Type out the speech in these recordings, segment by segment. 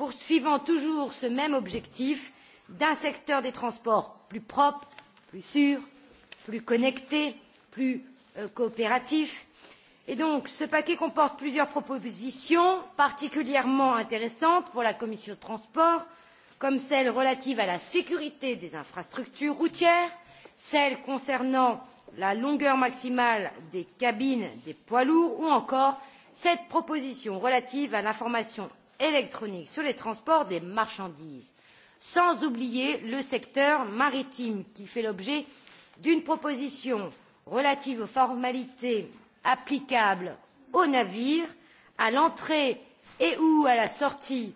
poursuivant toujours ce même objectif d'un secteur des transports plus propre plus sûr plus connecté plus euh, coopératif. Et donc, ce paquet comporte plusieurs propositions particulièrement intéressantes pour la commission de transport comme celles relatives à la sécurité des infrastructures routières celles concernant la longueur maximale des cabines des poids lourds ou encore cette proposition relative à l'information électronique sur les transports des marchandises sans oublier le secteur maritime qui fait l'objet d'une proposition relative aux formalités applicables aux navires à l'entrée et ou à la sortie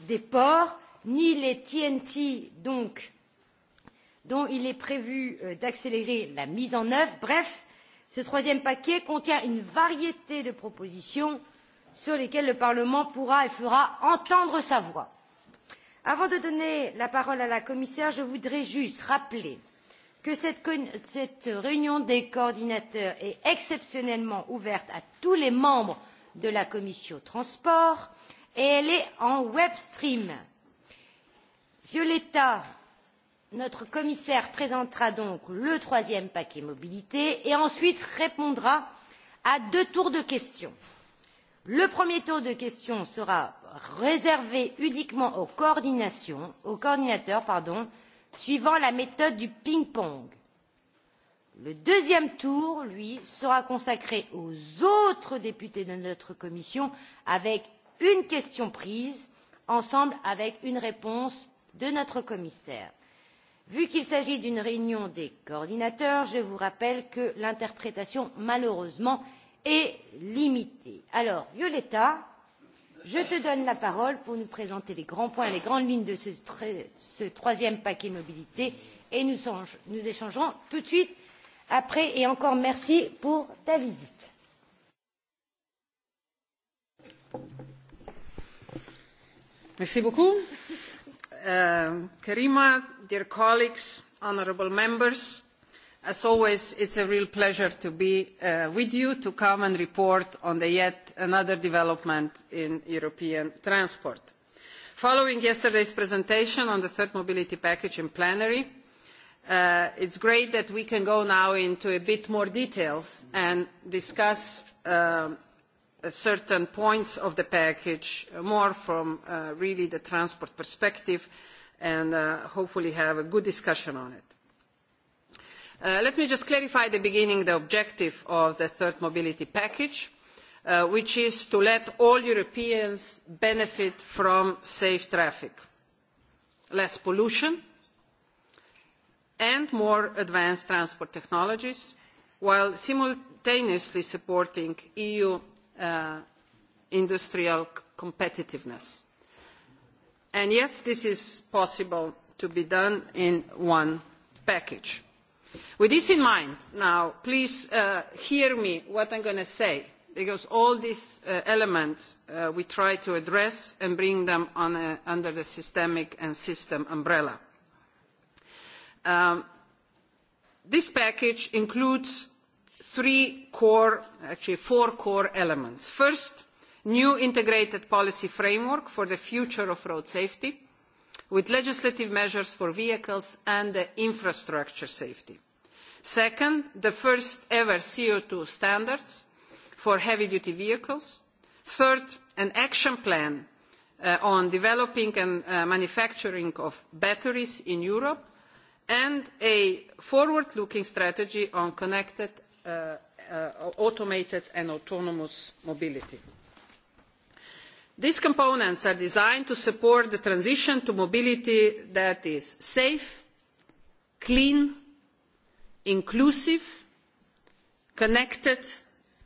des ports ni les tnt donc dont il est prévu euh, d'accélérer la mise en œuvre. bref ce troisième paquet contient une variété de propositions sur lesquels le parlement pourra et fera entendre sa voix. avant de donner la parole à la commissaire je voudrais juste rappeler que cette réunion des coordinateurs est exceptionnellement ouverte à tous les membres de la commission des transports et elle est en web stream. violeta notre commissaire présentera donc le troisième paquet mobilité et ensuite répondra à deux tours de questions le premier tour de questions sera réservé uniquement aux coordinateurs suivant la méthode du ping pong. le deuxième tour lui sera consacré aux autres députés de notre commission avec une question prise ensemble avec une réponse de notre commissaire. vu qu'il s'agit d'une réunion des coordinateurs je vous rappelle que l'interprétation malheureusement est limité. alors violeta je te donne la parole pour nous présenter les grands points et les grandes lignes de ce troisième paquet mobilité et nous échangerons tout de suite après et encore merci pour ta visite. merci beaucoup. Euh, karima dear colleagues honourable members as always it is a real pleasure to be uh, with you to come and report on yet another development in european transport. following yesterday's presentation on the third mobility package in plenary uh, it is great that we can go now into a bit more detail and discuss uh, certain points of the package more from really the transport perspective and hopefully have a good discussion on Uh, let me just clarify at the beginning the objective of the third mobility package uh, which is to let all europeans benefit from safe traffic less pollution and more advanced transport technologies while simultaneously supporting eu uh, industrial competitiveness and yes this is possible to be done in one package with this in mind now please uh, hear me what i am going to say because all these uh, elements uh, we try to address and bring them under the systemic and system umbrella. Um, this package includes three core actually four core elements. first new integrated policy framework for the future of road safety with legislative measures for vehicles and infrastructure safety. second the first ever co two standards for heavy duty vehicles. third an action plan uh, on developing and uh, manufacturing of batteries in europe and a forward looking strategy on connected uh, automated and autonomous mobility these components are designed to support the transition to mobility that is safe clean inclusive connected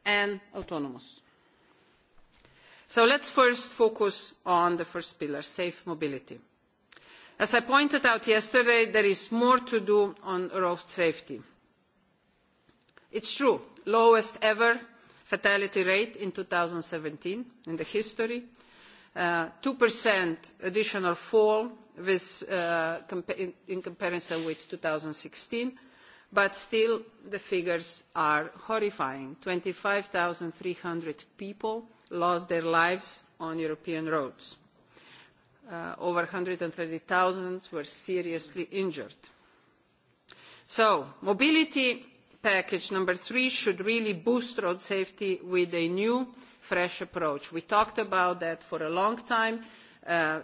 and autonomous. so let us first focus on the first pillar safe mobility. as i pointed out yesterday there is more to do on road safety. it is true lowest ever fatality rate in two thousand and seventeen in history 2% uh, additional fall with uh, in comparison with 2016, but still the figures are horrifying. 25,300 people lost their lives on European roads. Uh, over 130,000 were seriously injured. Mobility package number three should really boost road safety with a new fresh approach. We talked about that for a long time, uh,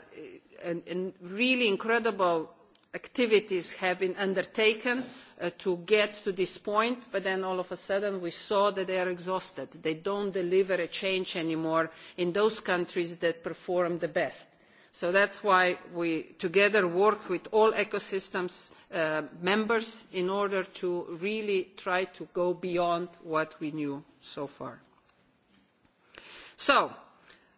and, and really incredible activities have been undertaken uh, to get to this point, but then all of a sudden we saw that they are exhausted. They don't deliver a change anymore in those countries that perform the best. So that's why we together work with all ecosystems uh, members in order to really try to go beyond what we knew so far so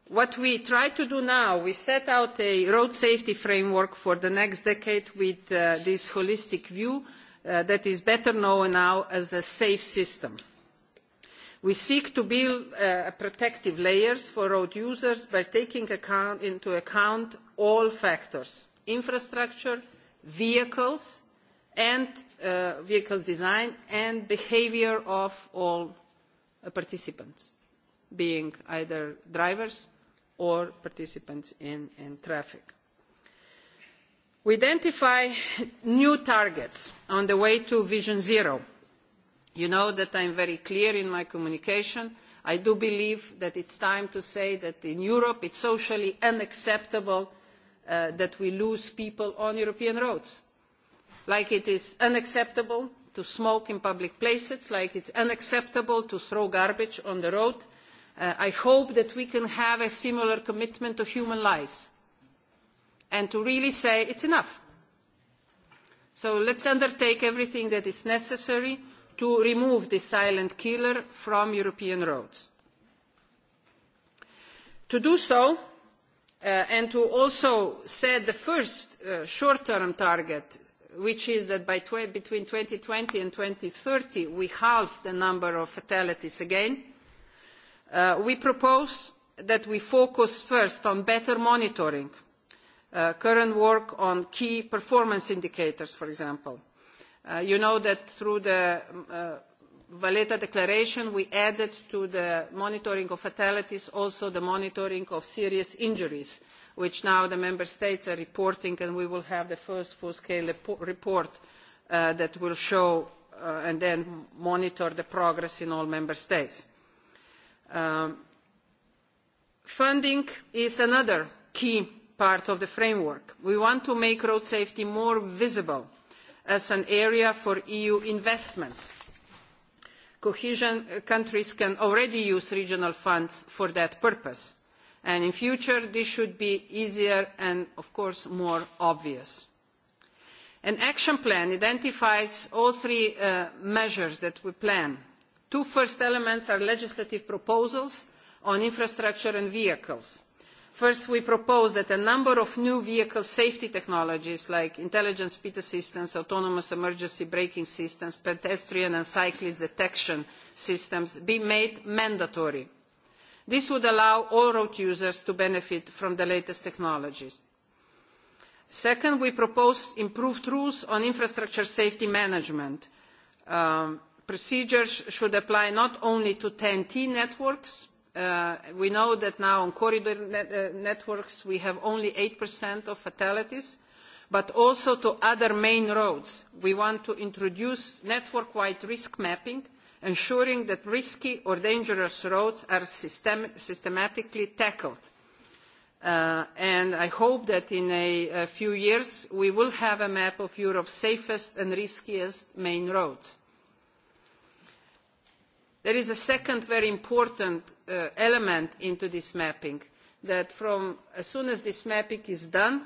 what we try to do now is set out a road safety framework for the next decade with uh, this holistic view uh, that is better known now as a safe system. We seek to build uh, protective layers for road users by taking account, into account all factors, infrastructure, vehicles, and uh, vehicles design, and behavior of all uh, participants being either drivers or participants in, in traffic. We identify new targets on the way to Vision Zero. You know that I'm very clear in my communication. I do believe that it's time to say that in Europe it's socially unacceptable uh, that we lose people on European roads. Like it is unacceptable to smoke in public places, like it's unacceptable to throw garbage on the road, Uh, i hope that we can have a similar commitment to human lives and to really say it is enough. so let us undertake everything that is necessary to remove this silent killer from european roads. to do so uh, and to also set the first uh, short term target which is that by tw- between 2020 and 2030 we halve the number of fatalities again. Uh, we propose that we focus first on better monitoring uh, current work on key performance indicators for example. Uh, you know that through the valletta declaration we added to the monitoring of fatalities also the monitoring of serious injuries which now the member states are reporting and we will have the first full scale report that will show and then monitor the progress in all member states. Um, funding is another key part of the framework. we want to make road safety more visible as an area for eu investments. cohesion uh, countries can already use regional funds for that purpose and in future this should be easier and of course more obvious. an action plan identifies all three uh, measures that we plan two first elements are legislative proposals on infrastructure and vehicles. first we propose that a number of new vehicle safety technologies like intelligent speed assistance autonomous emergency braking systems pedestrian and cyclist detection systems be made mandatory. this would allow all road users to benefit from the latest technologies. second we propose improved rules on infrastructure safety management um, procedures should apply not only to TNT networks. Uh, we know that now on corridor net, uh, networks we have only 8% of fatalities, but also to other main roads. We want to introduce network-wide risk mapping, ensuring that risky or dangerous roads are system systematically tackled. Uh, and I hope that in a, a few years we will have a map of Europe's safest and riskiest main roads there is a second very important uh, element in this mapping that as soon as this mapping is done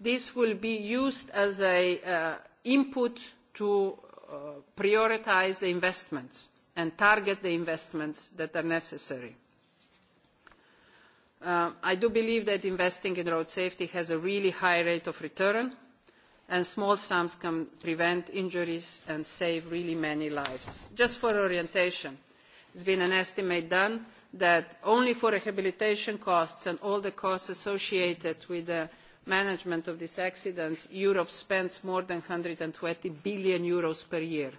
this will be used as an uh, input to uh, prioritise the investments and target the investments that are necessary. I do believe that investing in road safety has a really high rate of return and small sums can prevent injuries and save really many lives. just for orientation has been an estimate done that only for rehabilitation costs and all the costs associated with the management of these accidents europe spends more than eur one hundred and twenty billion per year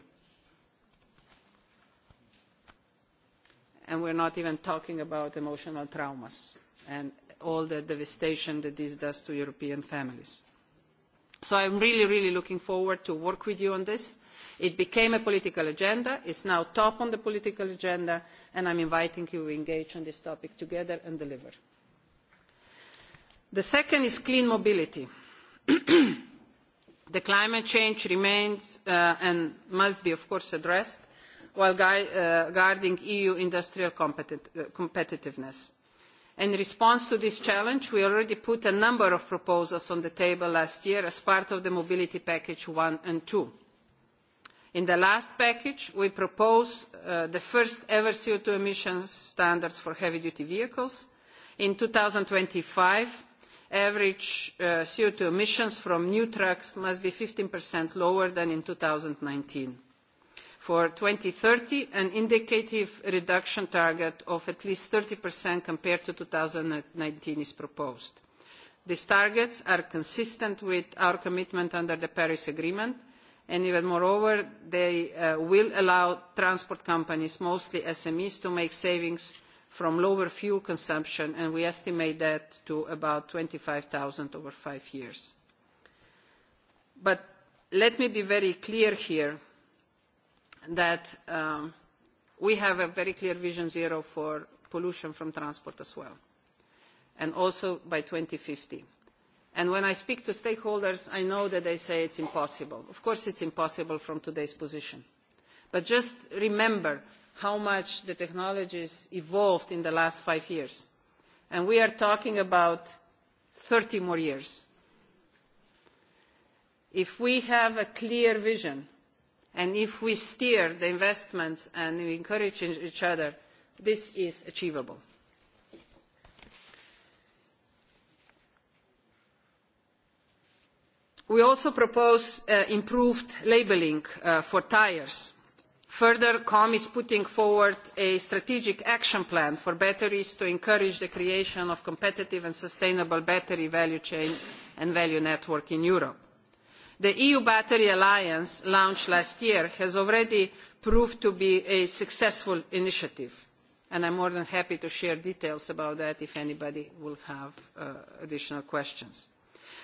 and we are not even talking about emotional traumas and all the devastation that this does to european families. So I'm really, really looking forward to work with you on this. It became a political agenda, it's now top on the political agenda, and I'm inviting you to engage on this topic together and deliver. The second is clean mobility. the climate change remains uh, and must be, of course, addressed while gui- uh, guarding EU industrial competit- uh, competitiveness in response to this challenge we already put a number of proposals on the table last year as part of the mobility package one and two. in the last package we proposed uh, the first ever co two emissions standards for heavy duty vehicles. in two thousand and twenty five average uh, co two emissions from new trucks must be fifteen lower than in two thousand and nineteen for two thousand and thirty an indicative reduction target of at least thirty percent compared to two thousand and nineteen is proposed. these targets are consistent with our commitment under the paris agreement and even moreover they uh, will allow transport companies mostly smes to make savings from lower fuel consumption and we estimate that to about twenty five thousand over five years. but let me be very clear here that um, we have a very clear vision zero for pollution from transport as well, and also by 2050. And when I speak to stakeholders, I know that they say it's impossible. Of course it's impossible from today's position. But just remember how much the technologies evolved in the last five years. And we are talking about 30 more years. If we have a clear vision If we steer the investments and we encourage each other, this is achievable. We also propose uh, improved labeling uh, for tires. Further, COM is putting forward a strategic action plan for batteries to encourage the creation of competitive and sustainable battery value chain and value network in Europe the eu battery alliance launched last year has already proved to be a successful initiative and i am more than happy to share details about that if anybody has uh, additional questions.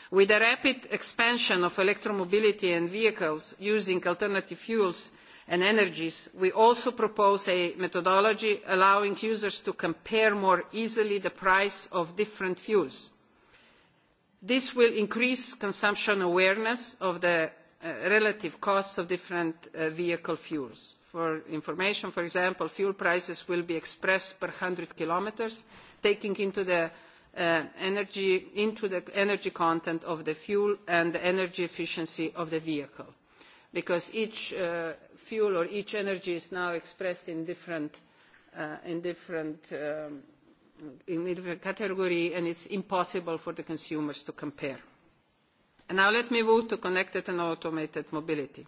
with the rapid expansion of electromobility and vehicles using alternative fuels and energies we also propose a methodology allowing users to compare more easily the price of different fuels this will increase consumption awareness of the uh, relative costs of different uh, vehicle fuels. for information for example fuel prices will be expressed per one hundred km taking uh, into the energy content of the fuel and the energy efficiency of the vehicle because each fuel or each energy is now expressed in different um, individual category and it's impossible for the consumers to compare. Now let me move to connected and automated mobility.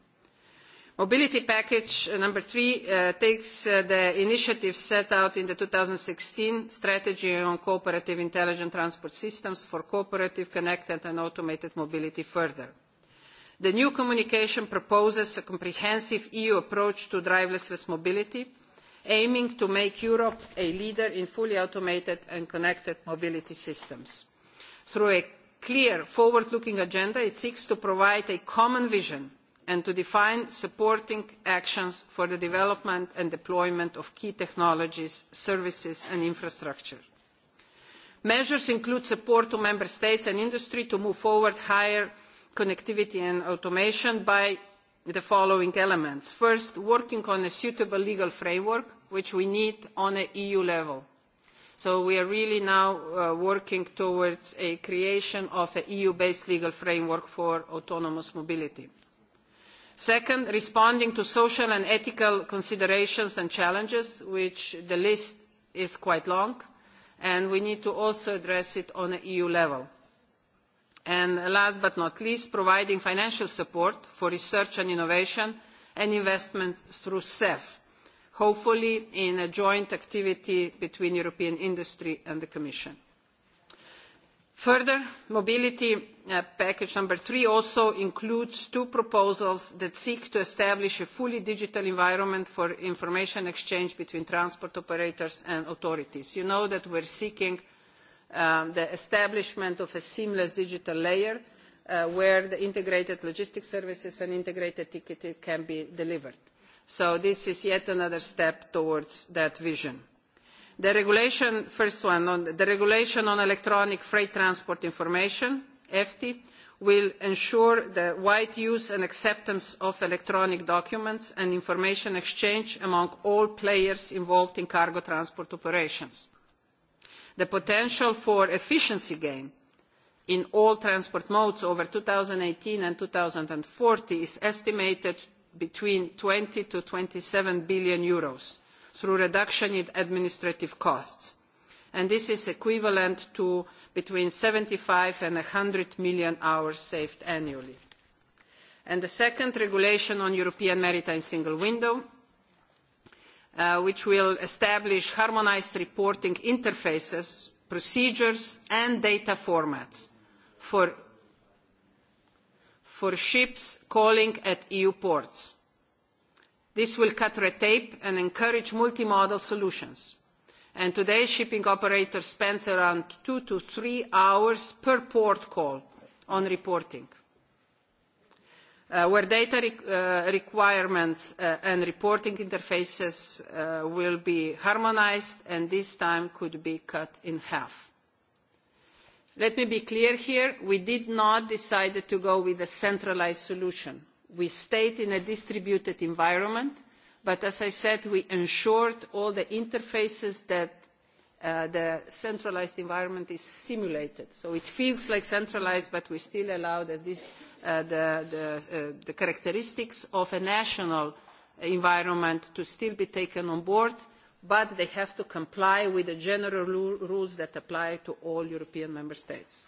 Mobility package uh, number three uh, takes uh, the initiative set out in the 2016 strategy on cooperative intelligent transport systems for cooperative, connected and automated mobility further. The new communication proposes a comprehensive EU approach to driverless mobility, aiming to make europe a leader in fully automated and connected mobility systems. through a clear forward looking agenda it seeks to provide a common vision and to define supporting actions for the development and deployment of key technologies services and infrastructure. measures include support to member states and industry to move forward higher connectivity and automation the following elements. First, working on a suitable legal framework, which we need on an EU level. So we are really now uh, working towards a creation of an EU-based legal framework for autonomous mobility. Second, responding to social and ethical considerations and challenges, which the list is quite long, and we need to also address it on an EU level and last but not least providing financial support for research and innovation and investment through cef hopefully in a joint activity between european industry and the commission. further mobility uh, package number three also includes two proposals that seek to establish a fully digital environment for information exchange between transport operators and authorities. you know that we are seeking um, the establishment of a seamless digital layer uh, where the integrated logistics services and integrated ticketing can be delivered. So this is yet another step towards that vision. The regulation, first one, on the regulation on electronic freight transport information, EFTI, will ensure the wide use and acceptance of electronic documents and information exchange among all players involved in cargo transport operations the potential for efficiency gain in all transport modes over two thousand and eighteen and two thousand and forty is estimated between eur twenty to eur twenty seven billion through reduction in administrative costs and this is equivalent to between seventy five and one hundred million hours saved annually. the second regulation on the european maritime single window Uh, which will establish harmonised reporting interfaces procedures and data formats for for ships calling at eu ports this will cut red tape and encourage multimodal solutions and today shipping operators spend around two to three hours per port call on reporting. Uh, where data uh, requirements uh, and reporting interfaces will be harmonised and this time could be cut in half. let me be clear here we did not decide to go with a centralised solution. we stayed in a distributed environment but as i said we ensured all the interfaces that the centralised environment is simulated so it feels like centralised but we still allow Uh, the, uh, the characteristics of a national environment to still be taken on board, but they have to comply with the general rules that apply to all European member states.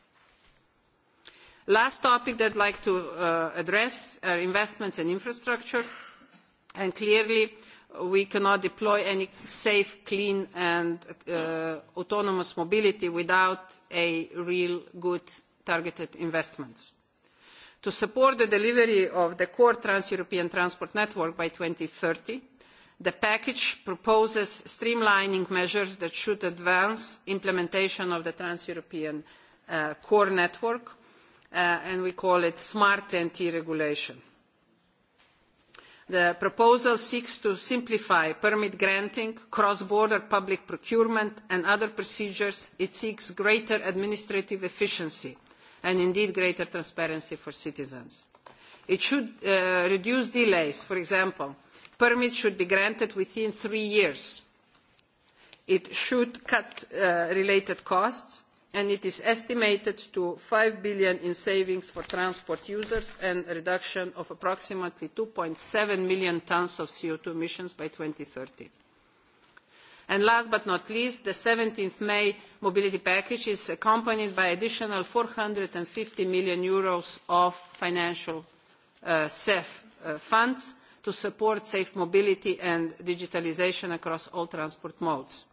Last topic that I'd like to uh, address are investments in infrastructure. And clearly, we cannot deploy any safe, clean and uh, autonomous mobility without a real good targeted investments to support the delivery of the core trans-European transport network by 2030, the package proposes streamlining measures that should advance implementation of the trans-European uh, core network, uh, and we call it smart TNT regulation. The proposal seeks to simplify permit granting, cross-border public procurement and other procedures. It seeks greater administrative efficiency and indeed greater transparency for citizens. it should uh, reduce delays for example permits should be granted within three years. it should cut uh, related costs and it is estimated to eur five billion in savings for transport users and a reduction of approximately two seven million tonnes of co two emissions by. two thousand and thirty and last but not least the seventeen may mobility package is accompanied by an additional eur four hundred and fifty million of financial cef uh, uh, funds to support safe mobility and digitalisation across all transport modes.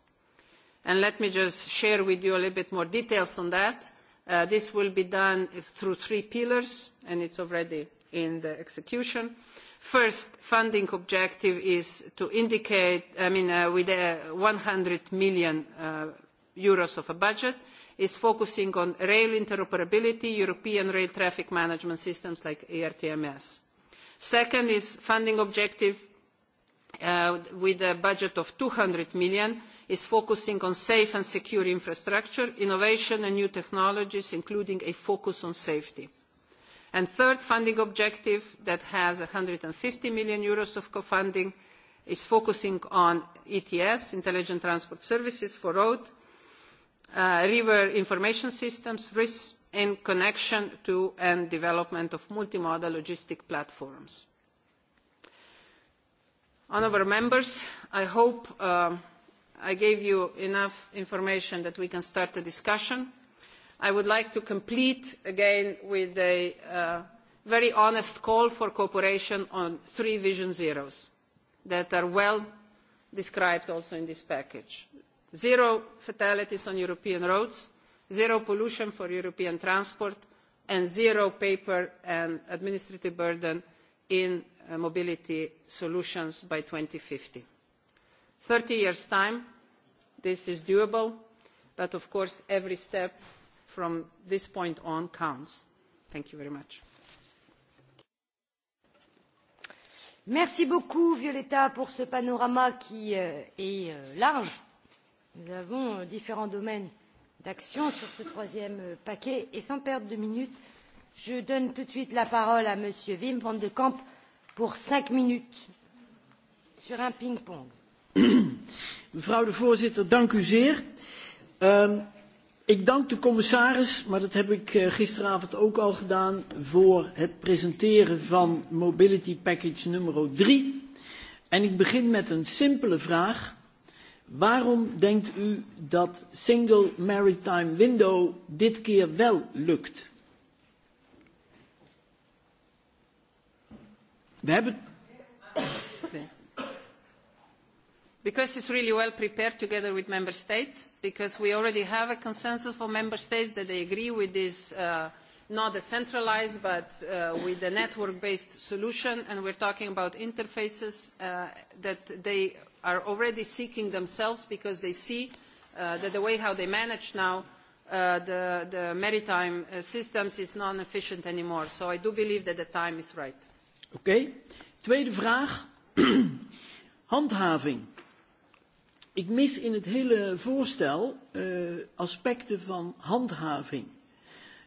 let me just share with you a little bit more details on that. Uh, this will be done through three pillars and it is already in execution first funding objective is to indicate i mean uh, with a uh, 100 million uh, euros of a budget is focusing on rail interoperability european rail traffic management systems like ertms second is funding objective uh, with a budget of 200 million is focusing on safe and secure infrastructure innovation and new technologies including a focus on safety and third funding objective that has eur one hundred and fifty million of co funding is focusing on ets intelligent transport services for road uh, river information systems risks in connection to and development of multimodal logistic platforms. Honourable Members, I hope uh, I gave you enough information that we can start the discussion i would like to complete again with a uh, very honest call for cooperation on three vision zeros that are well described also in this package zero fatalities on european roads zero pollution for european transport and zero paper and administrative burden in uh, mobility solutions by. two thousand and fifty in thirty years' time this is doable but of course every step from this point on counts. thank you very much. Merci beaucoup, Violetta, pour ce panorama qui euh, est euh, large. Nous avons euh, différents domaines d'action sur ce troisième paquet et sans perdre de minutes, je donne tout de suite la parole à Monsieur Wim van de Kamp pour cinq minutes sur un ping pong. Mevrouw de voorzitter, dank u zeer. Uh, Ik dank de commissaris, maar dat heb ik eh, gisteravond ook al gedaan, voor het presenteren van Mobility Package nummer 3. En ik begin met een simpele vraag. Waarom denkt u dat Single Maritime Window dit keer wel lukt? We hebben because it is really well prepared together with member states because we already have a consensus for member states that they agree with this uh, not a centralized but uh, with a network based solution and we are talking about interfaces uh, that they are already seeking themselves because they see uh, that the way how they manage now uh, the, the maritime uh, systems is non efficient anymore so i do believe that the time is right okay tweede vraag handhaving Ik mis in het hele voorstel uh, aspecten van handhaving.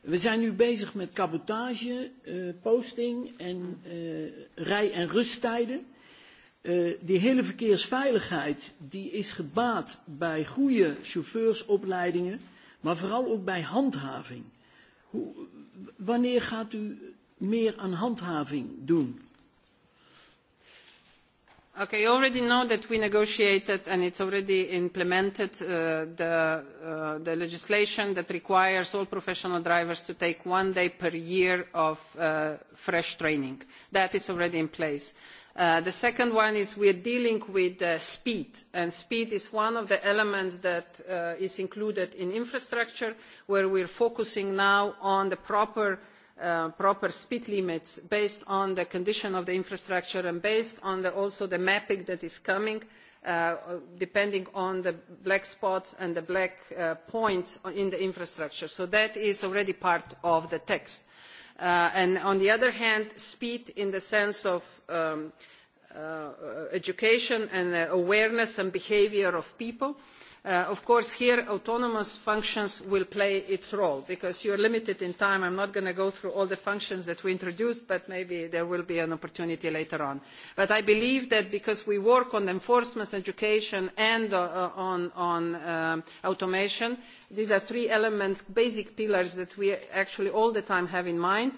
We zijn nu bezig met cabotage, uh, posting en uh, rij- en rusttijden. Uh, die hele verkeersveiligheid die is gebaat bij goede chauffeursopleidingen, maar vooral ook bij handhaving. Hoe, wanneer gaat u meer aan handhaving doen? Okay, you already know that we negotiated, and it's already implemented, uh, uh, the legislation that requires all professional drivers to take one day per year of uh, fresh training. That is already in place. The second one is we're dealing with speed, and speed is one of the elements that is included in infrastructure, where we're focusing now on the proper Uh, proper speed limits based on the condition of the infrastructure and based on also the mapping that is coming uh, depending on the black spots and the black uh, points in the infrastructure. So that is already part of the text. Uh, and on the other hand, speed in the sense of um, uh, uh education and awareness and behavior of people uh, Uh, of course here autonomous functions will play its role because you are limited in time i am not going to go through all the functions that we introduced but maybe there will be an opportunity later on. but i believe that because we work on enforcement education and uh, uh, on um, automation these are three elements basic pillars that we actually all the time have in mind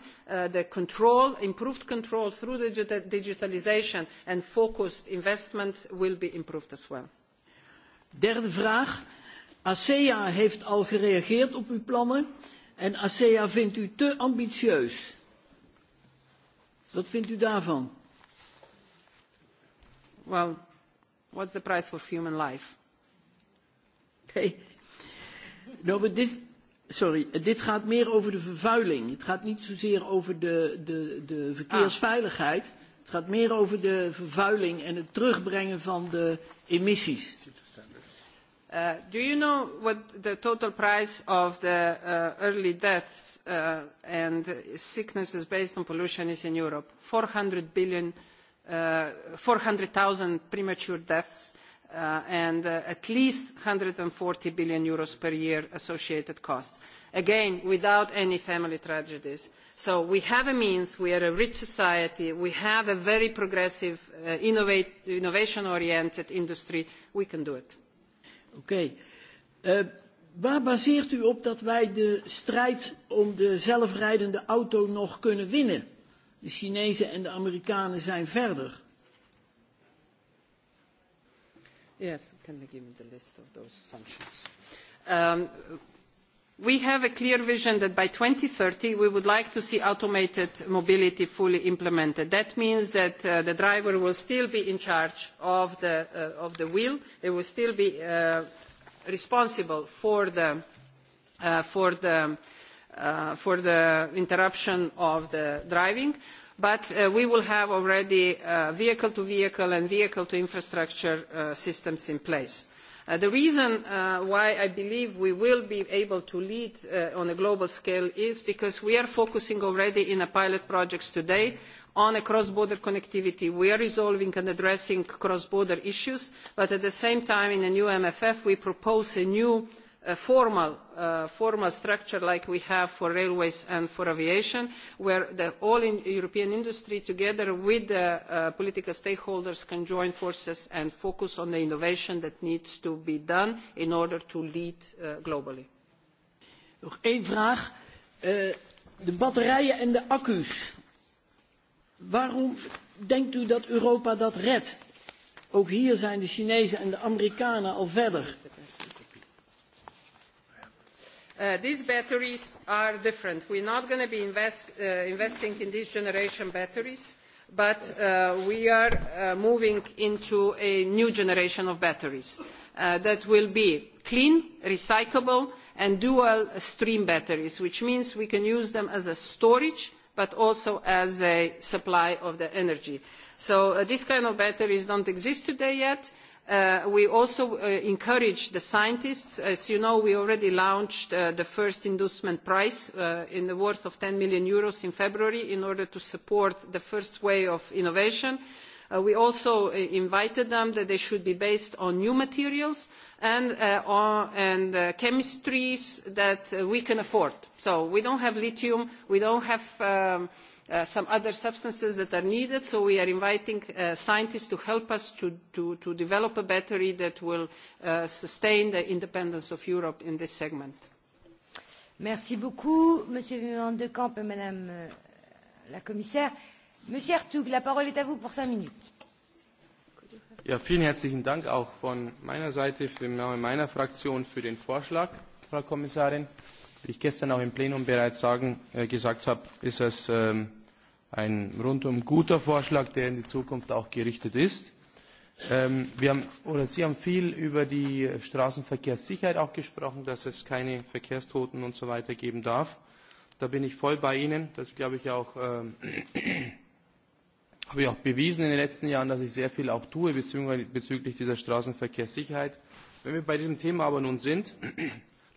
the control improved control through digitalisation and focused investments will be improved as well. Derde vraag. ASEA heeft al gereageerd op uw plannen en ASEA vindt u te ambitieus. Wat vindt u daarvan? Well, what's the price for human life? Oké. Okay. No, sorry, dit gaat meer over de vervuiling. Het gaat niet zozeer over de, de, de ah. verkeersveiligheid. Ah. Het gaat meer over de vervuiling en het terugbrengen van de emissies. Uh, do you know what the total price of the uh, early deaths uh, and sicknesses based on pollution is in Europe? 400 billion, uh, 400,000 premature deaths uh, and uh, at least 140 billion euros per year associated costs. Again, without any family tragedies. So we have a means, we are a rich society, we have a very progressive, uh, innovation-oriented industry, we can do it. Oké. Okay. Uh, eh, waar baseert u op dat wij de strijd om de zelfrijdende auto nog kunnen winnen? De Chinezen en de Amerikanen zijn verder. Yes, can you give me the list of those functions? Um, we have a clear vision that by two thousand and thirty we would like to see automated mobility fully implemented. that means that uh, the driver will still be in charge of the uh, wheel they will still be uh, responsible for the interruption of driving Uh, we will have already vehicle-to-vehicle uh, and vehicle-to-infrastructure uh, systems in place. The reason why I believe we will be able to lead on a global scale is because we are focusing already in a pilot projects today on a cross-border connectivity. We are resolving and addressing cross-border issues, but at the same time, in the new MFF, we propose a new formal structure like we have for railways and for aviation where the all european industry together with the uh, political stakeholders can join forces and focus on the innovation that needs to be done in order to lead uh, globally. Nog één vraag. Eh, de batterijen en de accu's. Waarom denkt u dat Europa dat redt? Ook hier zijn de Chinezen en de Amerikanen al verder. Uh, these batteries are different. we are not going to be uh, investing in this generation batteries but uh, we are moving into a new generation of batteries that will be clean recyclable and dual stream batteries which means we can use them as a storage but also as a supply of the energy. so these kind of batteries do not exist today uh, we also uh, encourage the scientists. As you know, we already launched uh, the first inducement prize uh, in the worth of €10 million Euros in February in order to support the first wave of innovation. Uh, we also uh, invited them that they should be based on new materials and, uh, on, and uh, chemistries that uh, we can afford. So we don't have lithium, we don't have um, Uh, some other substances that are needed so we are inviting uh, scientists to help us to, to, to develop a battery that will uh, sustain the independence of Europe in this segment. Merci beaucoup, Monsieur Van de Camp et Madame euh, la Commissaire. Monsieur Artug, la parole est à vous pour cinq minutes. Ja, vielen herzlichen Dank auch von meiner Seite, im Namen meiner Fraktion für den Vorschlag, Frau Kommissarin. Wie ich gestern auch im Plenum bereits sagen, äh, gesagt habe, ist es ähm, ein rundum guter Vorschlag, der in die Zukunft auch gerichtet ist. Ähm, wir haben, oder Sie haben viel über die Straßenverkehrssicherheit auch gesprochen, dass es keine Verkehrstoten und so weiter geben darf. Da bin ich voll bei Ihnen. Das glaube ich auch, äh, habe ich auch bewiesen in den letzten Jahren, dass ich sehr viel auch tue bezüglich dieser Straßenverkehrssicherheit. Wenn wir bei diesem Thema aber nun sind,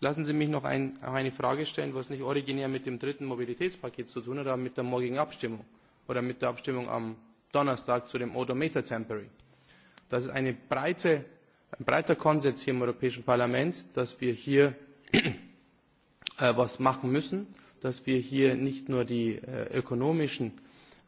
Lassen Sie mich noch ein, eine Frage stellen, was nicht originär mit dem dritten Mobilitätspaket zu tun hat, aber mit der morgigen Abstimmung oder mit der Abstimmung am Donnerstag zu dem Odometer Temporary. Das ist eine breite, ein breiter Konsens hier im Europäischen Parlament, dass wir hier äh, was machen müssen, dass wir hier nicht nur die äh, ökonomischen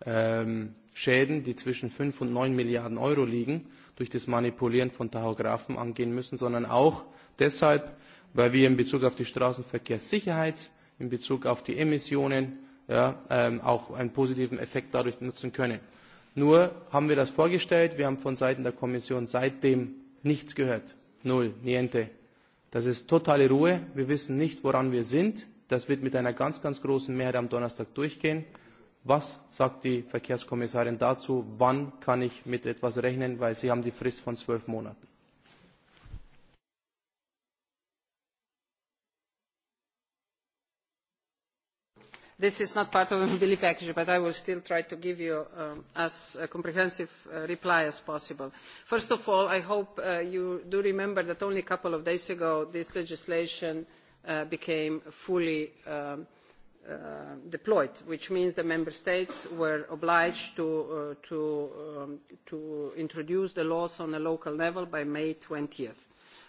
ähm, Schäden, die zwischen 5 und 9 Milliarden Euro liegen, durch das Manipulieren von Tachographen angehen müssen, sondern auch deshalb, weil wir in Bezug auf die Straßenverkehrssicherheit, in Bezug auf die Emissionen ja, ähm, auch einen positiven Effekt dadurch nutzen können. Nur haben wir das vorgestellt, wir haben von Seiten der Kommission seitdem nichts gehört. Null, niente. Das ist totale Ruhe. Wir wissen nicht, woran wir sind. Das wird mit einer ganz, ganz großen Mehrheit am Donnerstag durchgehen. Was sagt die Verkehrskommissarin dazu? Wann kann ich mit etwas rechnen? Weil Sie haben die Frist von zwölf Monaten. this is not part of the mobility package but i will still try to give you um, as a uh, comprehensive uh, reply as possible. first of all i hope uh, you do remember that only a couple of days ago this legislation uh, became fully um, uh, deployed, which means the member states were obliged to, uh, to, um, to introduce the laws on a local level by may 20th. Uh,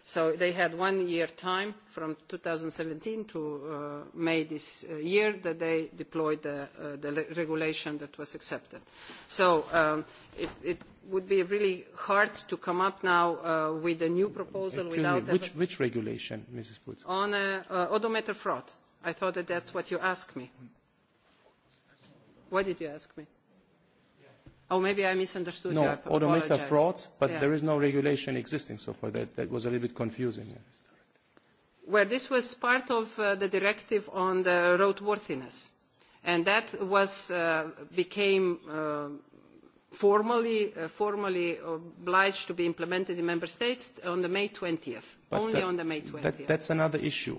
So they had one year time from 2017 to uh, May this uh, year that they deployed the, uh, the regulation that was accepted. So um, it, it would be really hard to come up now uh, with a new proposal Excuse without... Me, which, which regulation, Mrs. Putz? On uh, uh, odometer fraud. I thought that that's what you asked me. What did you ask me? Oh, maybe I misunderstood no, you. No, odometer frauds, but yes. there is no regulation existing so far. That, that was a little bit confusing. Yes. Well, this was part of uh, the directive on the roadworthiness. And that was, uh, became uh, formally, uh, formally obliged to be implemented in Member States on the May 20th, but only that, on the May 20th. That, that's another issue.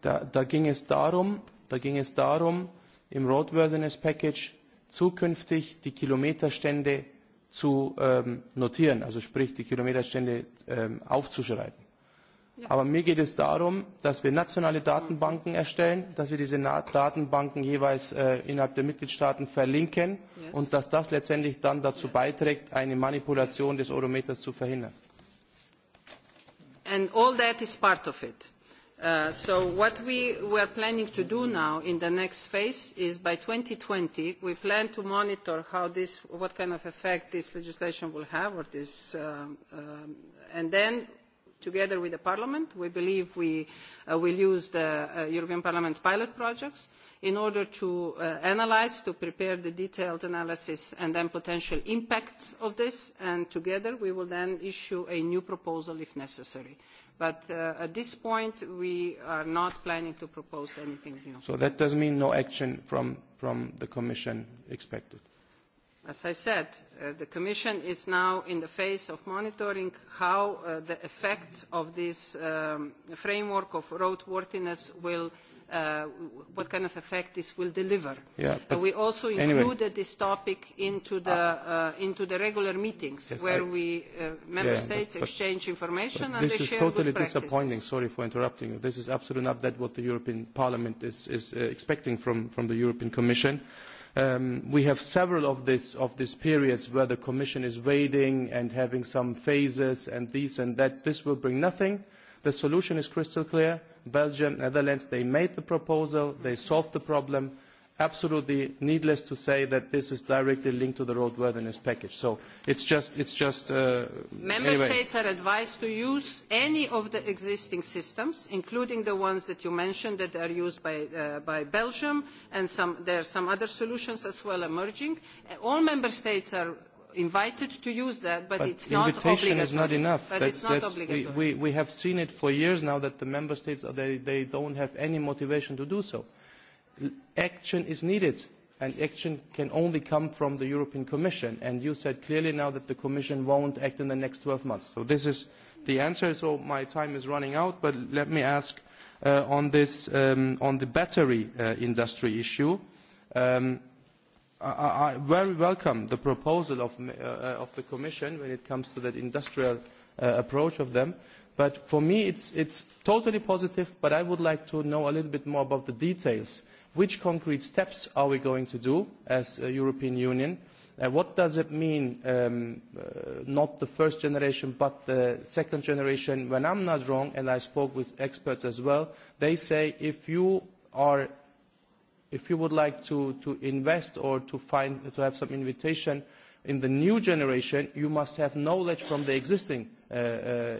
Da, da, ging es darum, da ging es darum, im Roadworthiness Package zukünftig die Kilometerstände zu ähm, notieren, also sprich die Kilometerstände ähm, aufzuschreiben. Yes. Aber mir geht es darum, dass wir nationale Datenbanken erstellen, dass wir diese Na Datenbanken jeweils äh, innerhalb der Mitgliedstaaten verlinken yes. und dass das letztendlich dann dazu yes. beiträgt, eine Manipulation yes. des Odometers zu verhindern. And all that is part of it. Uh, what we were planning to do now in the next phase is by 2020, we plan to monitor what kind of effect this legislation will have. Um, um, then together with the parliament, we believe we uh, will use the uh, European Parliament's pilot projects in order to analyze, to prepare the detailed analysis and then potential impacts of this. Together, we will then issue a new proposal if necessary. But uh, at this point, we are not planning to propose anything new. So that does mean no action from, from the Commission expected? As I said, uh, the Commission is now in the phase of monitoring how uh, the effects of this um, framework of roadworthiness will uh, what kind of effect this will deliver. Yeah, but uh, we also included anyway, this topic into the, uh, uh, into the regular meetings yes, where I, we, uh, member yeah, states, but, but, exchange information and they share totally good practices. This is totally disappointing. Sorry for interrupting you. This is absolutely not that what the European Parliament is, is uh, expecting from, from the European Commission. Um, we have several of, this, of these periods where the Commission is waiting and having some phases and this and that. This will bring nothing the solution is crystal clear belgium the netherlands they made the proposal they solved the problem absolutely needless to say that this is directly linked to the roadworthiness package so it's just it's just uh, member anyway. states are advised to use any of the existing systems including the ones that you mentioned that are used by uh, by belgium and some there are some other solutions as well emerging all member states are invited to use that, but, but it's not invitation obligatory. is not enough. But that's, it's not that's, obligatory. We, we have seen it for years now that the member states are, uh, they, they don't have any motivation to do so. Action is needed, and action can only come from the European Commission. And you said clearly now that the Commission won't act in the next 12 months. So this is the answer. So my time is running out, but let me ask uh, on this um, on the battery uh, industry issue. Um, I, I very welcome the proposal of, uh, uh, of the Commission when it comes to that industrial uh, approach of them. But for me, it's, it's totally positive, but I would like to know a little bit more about the details. Which concrete steps are we going to do as a European Union? Uh, what does it mean, um, uh, not the first generation, but the second generation? When I'm not wrong, and I spoke with experts as well, they say if you are if you would like to, to invest or to, find, to have some invitation in the new generation, you must have knowledge from the existing uh, uh,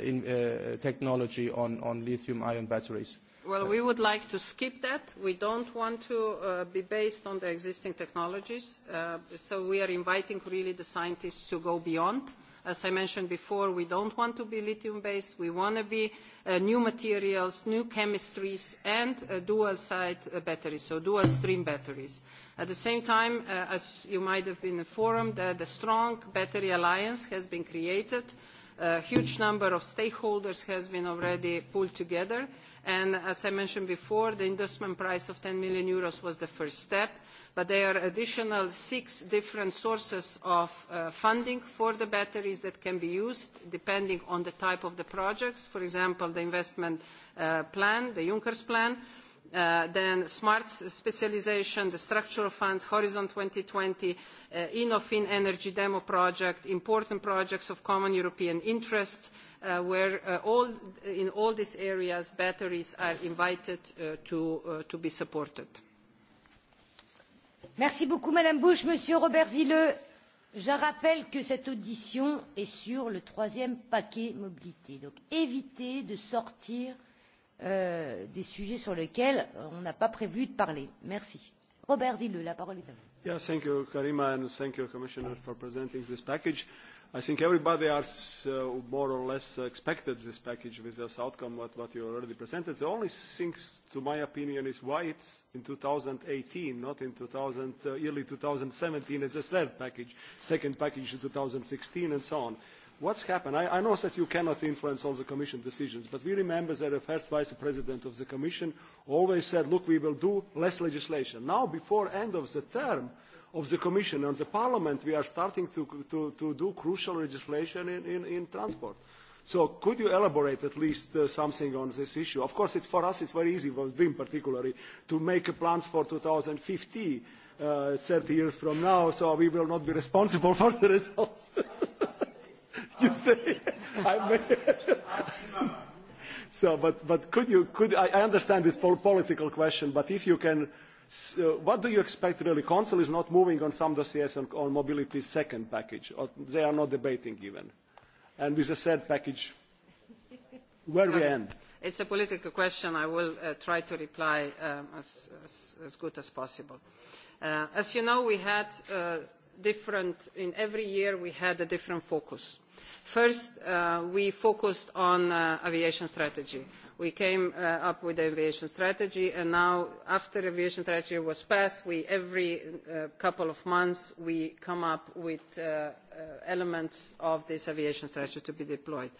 in, uh, technology on, on lithium-ion batteries. Well, we would like to skip that. We don't want to uh, be based on the existing technologies. Uh, so we are inviting really the scientists to go beyond. Uh, As I mentioned before, we don't want to be lithium-based. We want to be uh, new materials, new chemistries, and uh, dual-side uh, batteries, so dual-stream batteries. At the same time, uh, as you might have been informed, uh, the strong battery alliance has been created. A huge number of stakeholders has been already pulled together. As I mentioned before, the investment price of 10 million euros was the first step, but there are additional six different sources of uh, funding for the batteries that can be used depending on the type of the projects. For example, the investment uh, plan, the Juncker's plan, uh, then smart specialization, the structural funds, Horizon 2020, Innofin energy demo project, important projects of common European interest, uh, where uh, all, in all these areas batteries are invited uh, to, uh, to be supported. Merci beaucoup Madame Bush, Monsieur Robert Zille. Je rappelle que cette audition est sur le troisième paquet mobilité. Donc évitez de sortir euh, des sujets sur lesquels on n'a pas prévu de parler. Merci. Robert Zille, la parole est à vous. Yeah, thank you, Karima, and thank you, Commissioner, for presenting this package. Uh, I think everybody is so uh, more or less expected this package with this outcome, what, what you already presented. The only thing, to my opinion, is why it's in 2018, not in 2000, uh, early 2017 as a third package, second package in 2016 and so on. What's happened? I, I know that you cannot influence all the Commission decisions, but we remember that the first Vice President of the Commission always said, look, we will do less legislation. Now, before end of the term, of the Commission and the Parliament, we are starting to, to, to do crucial legislation in, in, in transport. So could you elaborate at least uh, something on this issue? Of course, it's, for us it's very easy, for BIM particularly, to make plans for 2050, uh, 30 years from now, so we will not be responsible for the results. you stay. I may. so, but, but could you, could, I, I understand this po political question, but if you can, So uh, what do you expect really? Council is not moving on some dossiers on, on mobility second package. Or they are not debating even. And with the third package, where do we end? It's a political question. I will uh, try to reply um, as, as, as good as possible. Uh, as you know, we had uh, different, in every year we had a different focus. First, uh, we focused on uh, aviation strategy we came uh, up with the aviation strategy, and now after the aviation strategy was passed, we every uh, couple of months we come up with uh, uh, elements of this aviation strategy to be deployed.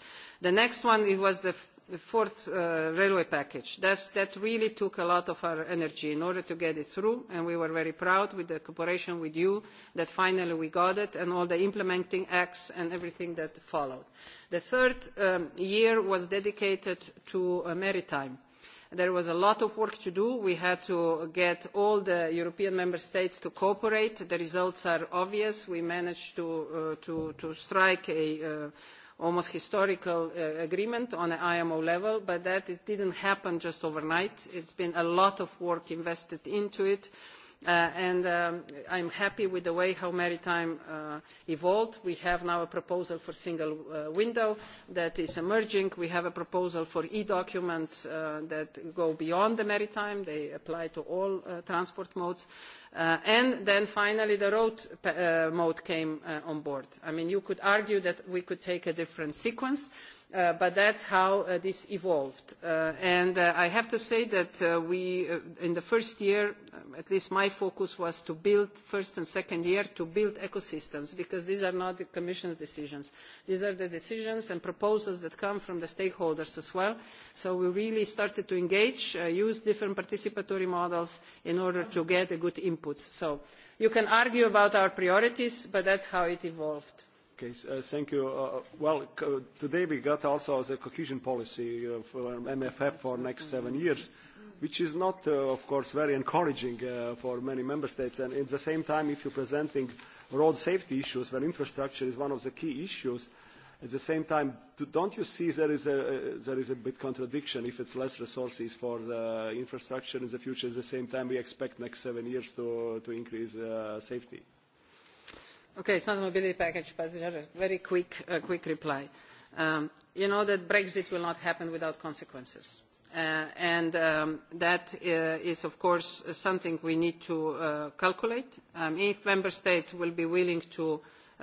The next one, it was the fourth uh, railway package that really took a lot of our energy in order to get it through and we were very proud with the cooperation with you that finally we got it and all the implementing acts and everything that followed. the third um, year was dedicated to uh, maritime. there was a lot of work to do. we had to get all the european member states to cooperate. the results are obvious. we managed to uh, strike almost historical uh, agreement on the IMO level, but that it didn't happen just overnight. It's been a lot of work invested into it. Uh, Uh, um, I'm happy with the way how maritime uh, evolved. We have now a proposal for single uh, window that is emerging. We have a proposal for e-documents that go beyond the maritime. They apply to all transport modes. Then finally, the road mode came on board. I mean, you could argue that we could take a different sequence, uh, but that's how uh, this evolved. Uh, and uh, I have to say that uh, we, uh, in the first year, uh, at least my focus was to build first and second year to build ecosystems because these are not the Commission's decisions. These are the decisions and proposals that come from the stakeholders as well. So we really started to engage, uh, use different participatory models in order to get a good input. So you can argue about our priorities, but that's how it evolved. Okay, so, uh, thank you. Uh, well, co- today we got also the cohesion policy uh, of MFF for next seven years, which is not, uh, of course, very encouraging uh, for many member states. And at the same time, if you're presenting road safety issues, where infrastructure is one of the key issues, at the same time, don't you see there is a, uh, there is a bit contradiction if it's less resources for the infrastructure in the future, at the same time we expect next seven years to, to increase uh, safety? sound mobility package passengers a very quick uh, reply. Um, you know that brexit will not happen without consequences uh, and um, that uh, is of course something we need to calculate. Um, if member states will be willing to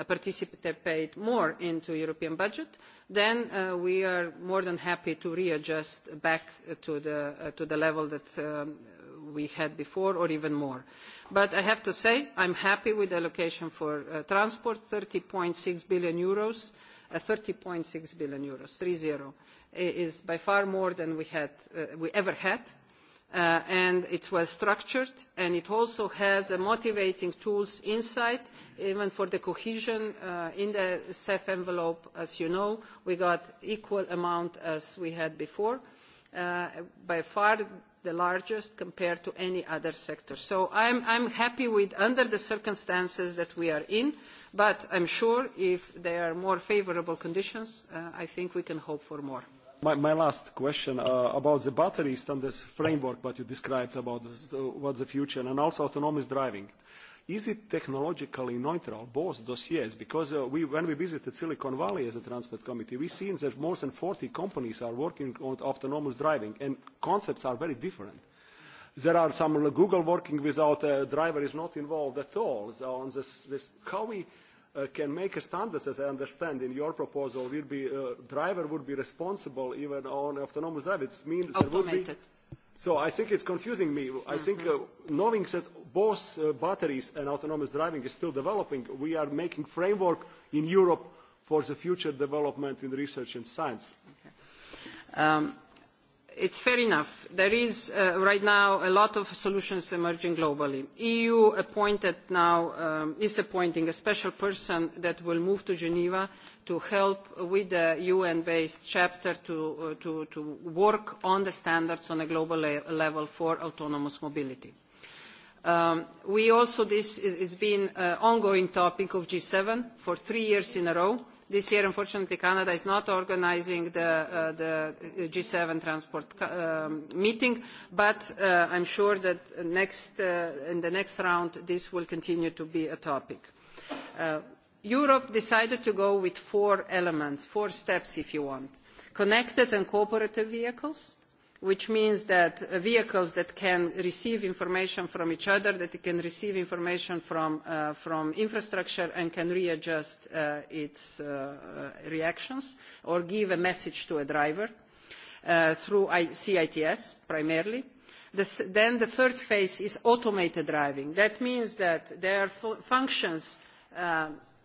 participate more in the european budget then we are more than happy to readjust back to the level that we had before or even more. But I have to say, I'm happy with the allocation for uh, transport, 30.6 billion euros, uh, 30.6 billion euros, 3-0, is by far more than we, had, uh, we ever had. Uh, and it's well structured, and it also has a motivating tools inside, even for the cohesion uh, in the CEF envelope. As you know, we got equal amount as we had before. Uh, by far, the largest compared to any other sector. I'm happy with under the circumstances that we are in, but I'm sure if there are more favorable conditions, uh, I think we can hope for more. My last question uh, about the battery standards framework, what you described about what the future and also autonomous driving is it technologically neutral, both dossiers? Because uh, we, when we visited Silicon Valley as a transport committee, we've seen that more than 40 companies are working on autonomous driving, and concepts are very different. There are some uh, Google working without a driver is not involved at all. So on this, this, how we uh, can make a standard, as I understand in your proposal, will be uh, driver would be responsible even on autonomous driving. It means automated. there would be So I think it's confusing me. I mm-hmm. think uh, knowing that both uh, batteries and autonomous driving is still developing, we are making framework in Europe for the future development in research and science. Okay. Um, it is fair enough there is uh, right now a lot of solutions emerging globally. the eu um, is appointing a special person that will move to geneva to help with the un based chapter uh, to work on the standards on a global level for autonomous mobility. Um, this has also been an uh, ongoing topic of the g seven for three years in a row this year unfortunately canada is not organising uh, the g seven transport uh, meeting but uh, i am sure that in the next round this will continue to be a topic. europe decided to go with four elements four steps if you want connected and cooperative vehicles which means that uh, vehicles that can receive information from each other, that it can receive information from, uh, from infrastructure and can readjust uh, its uh, uh reactions or give a message to a driver uh, through I CITS primarily. The s then the third phase is automated driving. That means that there are fu functions uh,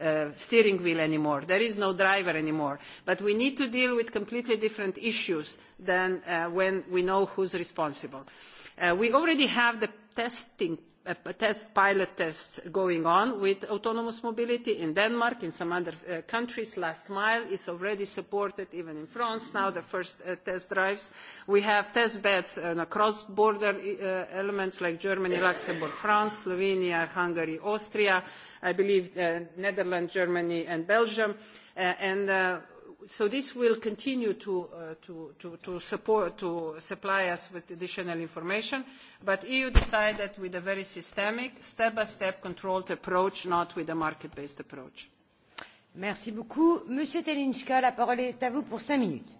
Uh, steering wheel anymore. There is no driver anymore. But we need to deal with completely different issues than uh, when we know who's responsible. Uh, we already have the testing test pilot tests going on with autonomous mobility in denmark in some other uh, countries last mile is already supported even in france now the first uh, test drives. we have test beds uh, and cross border e, elements like germany luxembourg france slovenia hungary austria i believe the netherlands germany and belgium and This will continue uh, to supply us with additional information. EU decided with a very systemic, step-by-step controlled approach, not with a market-based approach. Merci beaucoup. Monsieur Telinska, la parole est à vous pour 5 minutes.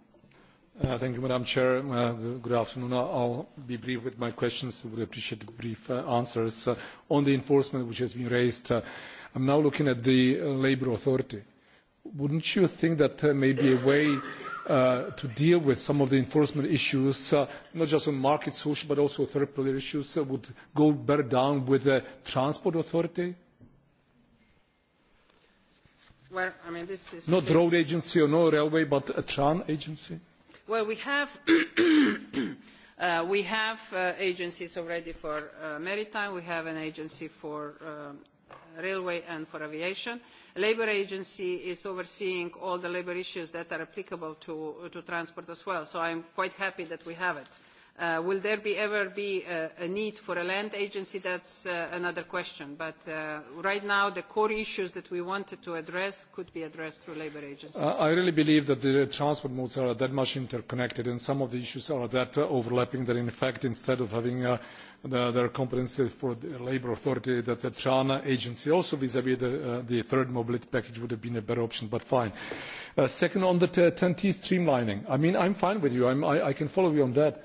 Uh, thank you, Madam Chair. Uh, good afternoon. I'll be brief with my questions. Would appreciate the brief answers. On the enforcement which has been raised, I'm now looking at the labor authority wouldn't you think that uh, maybe a way uh, to deal with some of the enforcement issues, uh, not just on market social, but also third-party issues, uh, would go better down with the transport authority? Well, I mean, this is... Not road agency or no railway, but a tram agency? Well, we have... Uh, we have uh, agencies already for uh, maritime, we have an agency for um, railway and for aviation. The Labour Agency is overseeing all the labour issues that are applicable to, to transport as well, so I'm quite happy that we have it. Uh, will there be ever be a, uh, a need for a land agency? That's uh, another question. But uh, right now, the core issues that we wanted to address could be addressed through labour agencies. Uh, I really believe that the transport modes are that much interconnected, and some of the issues are that uh, overlapping that, in fact, instead of having uh, the, their competency for the labour authority, that the China agency also vis-à-vis the, uh, the third mobility package would have been a better option. But fine. Uh, second, on the 10T streamlining, I mean, I'm fine with you. I'm, I, I can follow you on that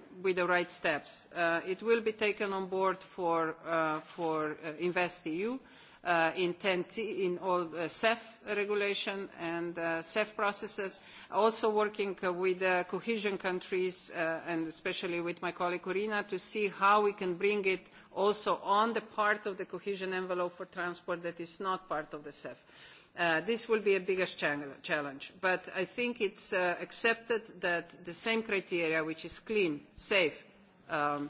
with the right steps. Uh, it will be taken on board for, uh, for uh, InvestEU uh, in, 10 t- in all the uh, CEF regulation and uh, CEF processes, also working uh, with uh, cohesion countries uh, and especially with my colleague Corina to see how we can bring it also on the part of the cohesion envelope for transport that is not part of the CEF. Uh, Uh, this will be a biggest challenge. But I think it's uh, accepted that the same criteria, which is clean, safe, um,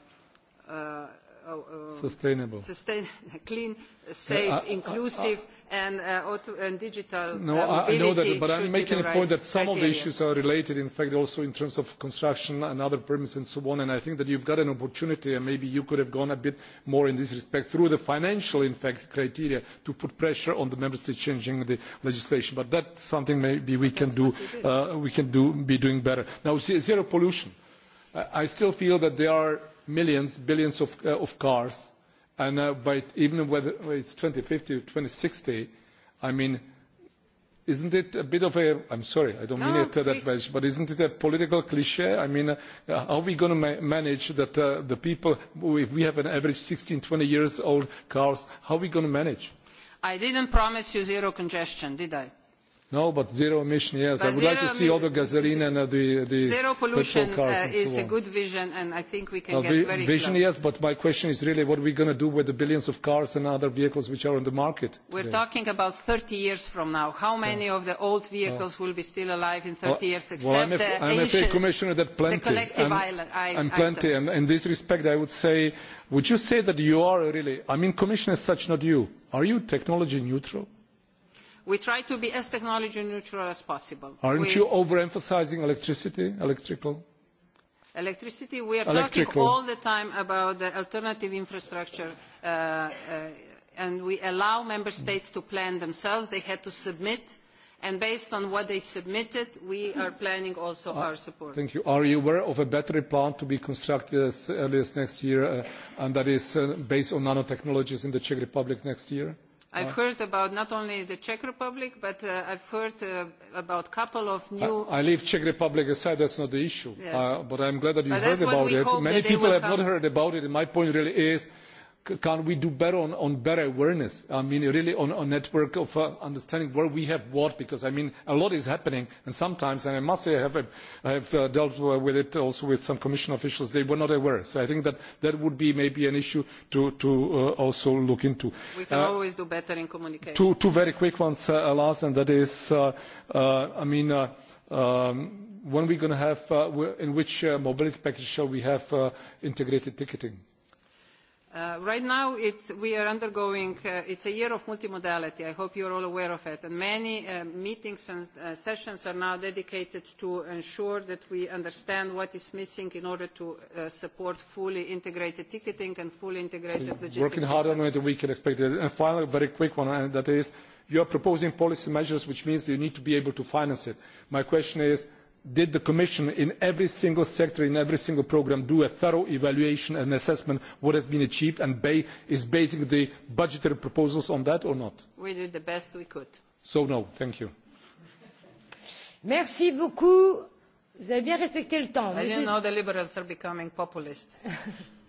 uh, Uh, clean safe inclusive and uh, digital uh, no, mobility but i am making a point that some of the issues are related in fact also in terms of construction and other permits and so on and i think that you have got an opportunity and maybe you could have gone a bit more in this respect through the financial criteria to put pressure on the member states changing the legislation but that is something maybe we can be doing better. now zero pollution i still feel that there are millions billions of, uh, of cars and uh, by even whether it's 2050 or 2060 i mean isn't it a bit of a i'm sorry i don't no, mean it uh, please. that much but isn't it a political cliche i mean uh, are we going to ma- manage that uh, the people if we have an average 16 20 years old cars how are we going to manage i didn't promise you zero congestion did i No, but zero emission, yes. But I would like to see all the gasoline and the Zero pollution petrol cars uh, and so on. is a good vision, and I think we can get very close. Vision, yes, but my question is really what are we gonna do with the billions of cars and other vehicles which are on the market today? We're talking about 30 years from now. Yeah. How many of the old vehicles will be still alive in 30 years except the ancient- Well, I'm afraid, Commissioner, that plenty. The collective island items. Plenty. In this respect, I would say, would you say that you are really I mean, Commissioner, as such, not you. Are you technology neutral? We try to be as technology neutral as possible. Aren't we, you overemphasizing electricity, electrical? Electricity, we are electrical. talking all the time about the alternative infrastructure uh, uh, and we allow member states to plan themselves. They had to submit and based on what they submitted, we are planning also uh, our support. Thank you. Are you aware of a battery plant to be constructed as early as next year uh, and that is uh, based on nanotechnologies in the Czech Republic next year? Uh, I've uh, heard about not only the Czech Republic, but uh, I've heard uh, about a couple of new... I, I leave Czech Republic aside, that's not the issue. Yes. Uh, but I'm glad that you but heard about it. Many people have come. not heard about it, and my point really is can we do better on, on better awareness? I mean, really on a network of uh, understanding where we have what, because I mean, a lot is happening. And sometimes, and I must say, I have, a, I have uh, dealt with it also with some commission officials, they were not aware. So I think that that would be maybe an issue to, to uh, also look into. We can uh, always do better in communication. Two, two very quick ones, uh, alas, and that is, uh, uh, I mean, uh, um, when are we going to have, uh, in which uh, mobility package shall we have uh, integrated ticketing? Uh, right now, it's, we are undergoing, uh, it's a year of multimodality. I hope you're all aware of it. And many uh, meetings and uh, sessions are now dedicated to ensure that we understand what is missing in order to uh, support fully integrated ticketing and fully integrated so logistics. Working hard systems. on it, we can expect it. And finally, a very quick one, and uh, that is, you're proposing policy measures, which means you need to be able to finance it. My question is, did the commission in every single sector in every single programme do a thorough evaluation and assessment of what has been achieved and is basing the budgetary proposals on that or not? we did the best we could. so no thank you. merci beaucoup. Vous avez bien respecté le temps. I didn't know the liberals are becoming populists.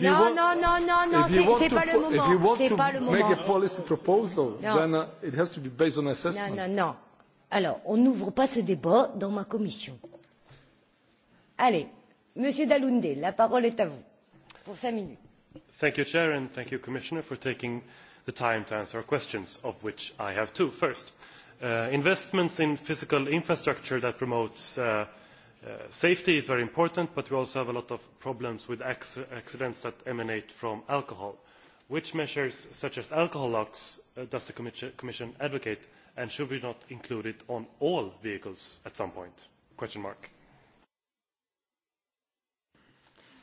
Non, want, non, non, non, non, c'est pas le moment. C'est pas le moment. Make a policy proposal, non. then uh, it has to be based on no, assessment. Non, non, non. Alors, on n'ouvre pas ce débat dans ma commission. Allez, Monsieur Dalunde, la parole est à vous pour cinq minutes. Thank you, Chair, and thank you, Commissioner, for taking the time to answer questions, of which I have two. First, uh, investments in physical infrastructure that promotes uh, Uh, safety is very important but we also have a lot of problems with accidents that emanate from alcohol. which measures such as alcohol locks uh, does the commission advocate and should we not include it on all vehicles at some point?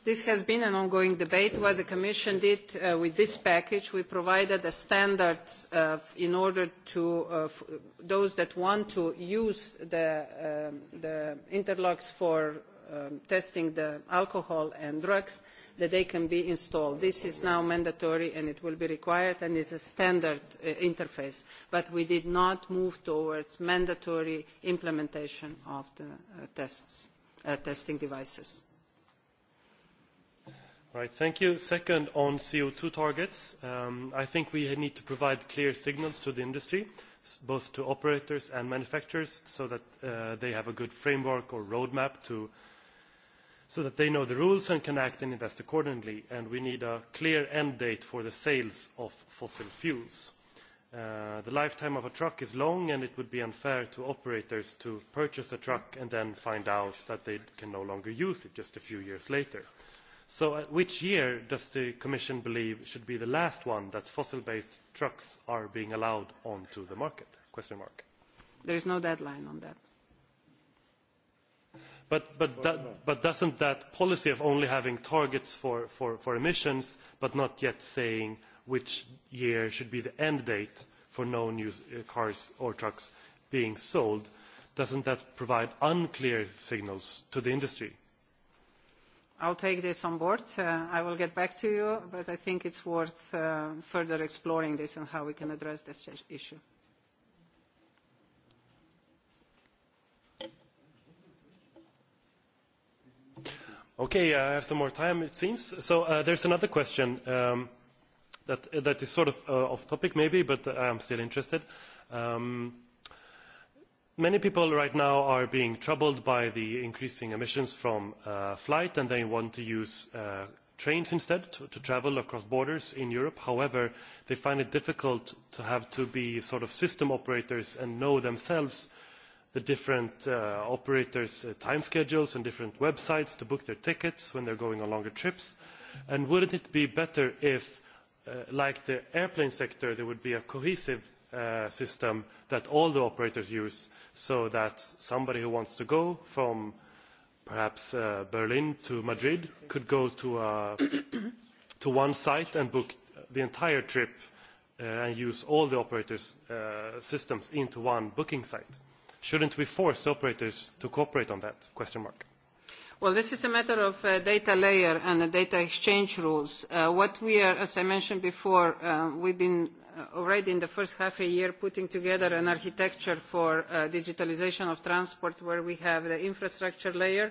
this has been an ongoing debate. what the commission did uh, with this package we provided the standards uh, in order uh, for those that want to use the um, interlocks for um, testing the alcohol and drugs that they can be installed. this is now mandatory and it will be required and is a standard interface but we did not move towards mandatory implementation of the testing devices. Right. Thank you. Second, on CO2 targets, um, I think we need to provide clear signals to the industry, both to operators and manufacturers, so that uh, they have a good framework or roadmap to... So that they know the rules and can act and invest accordingly, and we need a clear end date for the sales of fossil fuels. Uh, the lifetime of a truck is long, and it would be unfair to operators to purchase a truck and then find out that they can no longer use it just a few years later so uh, which year does the commission believe should be the last one that fossil based trucks are being allowed onto the market question mark there is no deadline on that but but that, but doesn't that policy of only having targets for, for, for emissions but not yet saying which year should be the end date for no new uh, cars or trucks being sold doesn't that provide unclear signals to the industry I'll take this on board. Uh, I will get back to you, but I think it's worth uh, further exploring this and how we can address this issue. Okay, uh, I have some more time, it seems. So, there's another question um, that is sort of off topic maybe, but I'm still interested. Um, many people right now are being troubled by the increasing emissions from uh, flight and they want to use uh, trains instead to travel across borders in europe. however they find it difficult to have to be sort of system operators and know themselves the different uh, operators' time schedules and different websites to book their tickets when they are going on longer trips. would it not be better if like the airplane sector there would be a cohesive Uh, system that all the operators use so that somebody who wants to go from perhaps uh, Berlin to Madrid could go to, uh, to one site and book the entire trip uh, and use all the operators' uh, systems into one booking site. Shouldn't we force the operators to cooperate on that? Question mark. Well, this is a matter of uh, data layer and the data exchange rules. Uh, what we are, as I mentioned before, uh, we've been Uh, already in the first half a year putting together an architecture for uh, digitalization of transport where we have the infrastructure layer,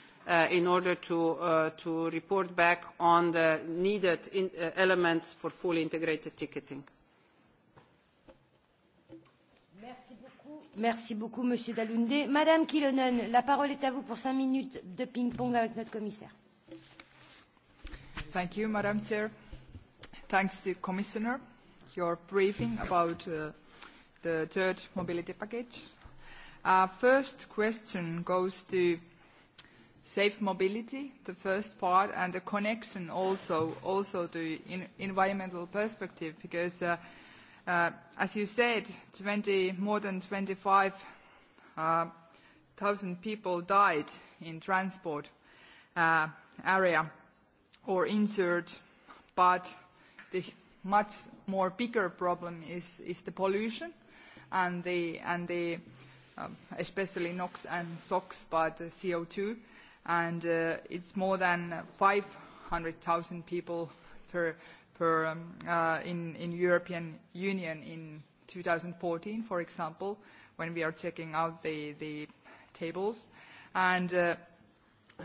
uh, in order to, uh, to report back on the needed in, uh, elements for fully integrated ticketing. Merci beaucoup, Monsieur Dalunde. Madame Kilonen, la parole est à vous pour cinq minutes de ping-pong avec notre commissaire. Thank you, Madame Chair. Thanks to Commissioner, your briefing about uh, the third mobility package. Uh, first question goes to safe mobility, the first part, and the connection also to environmental perspective, because uh, uh, as you said, more than 25,000 uh, people died in transport area or injured. The much more bigger problem is the pollution and the um, especially NOx and SOx, but the CO2 and uh, it's more than 500,000 people per, per, um, uh, in, in European Union in 2014, for example, when we are checking out the, the tables. And uh,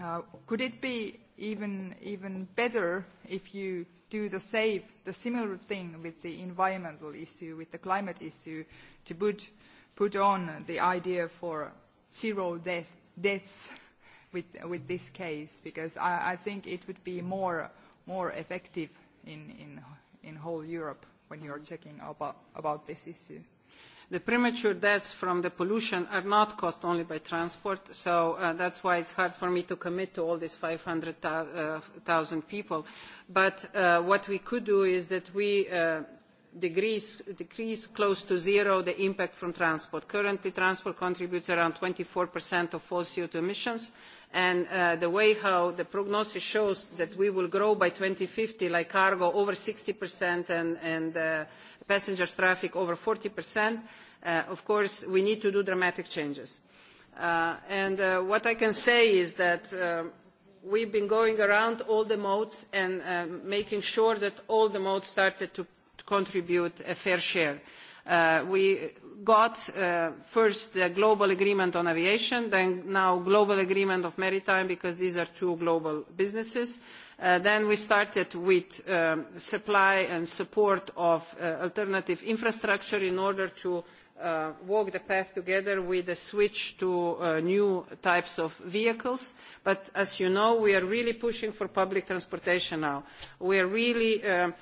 uh, could it be even, even better if you do the same, the similar thing with the environmental issue, with the climate issue, to put, put on the idea for zero death, deaths with, with this case because I, I think it would be more, more effective in, in, in whole Europe when you are checking about, about this issue. The premature deaths from the pollution are not caused only by transport, so uh, that's why it's hard for me to commit to all these 500,000 uh, people. But uh, what we could do is that we uh, decrease close to zero the impact from transport. Currently, transport contributes around 24% of all CO2 emissions, and uh, the way how the prognosis shows that we will grow by 2050, like cargo over 60% and, and uh, passengers traffic over 40%, uh, of course, we need to do dramatic changes. Uh, and uh, what I can say is that uh, we've been going around all the modes and um, making sure that all the modes started to contribute a fair share. Uh, we got uh, first the global agreement on aviation, then now global agreement of maritime, because these are two global businesses. Uh, then we started with um, supply and support of uh, alternative infrastructure in order to uh, walk the path together with a switch to uh, new types of vehicles. But as you know, we are really pushing for public transportation now. We are really uh,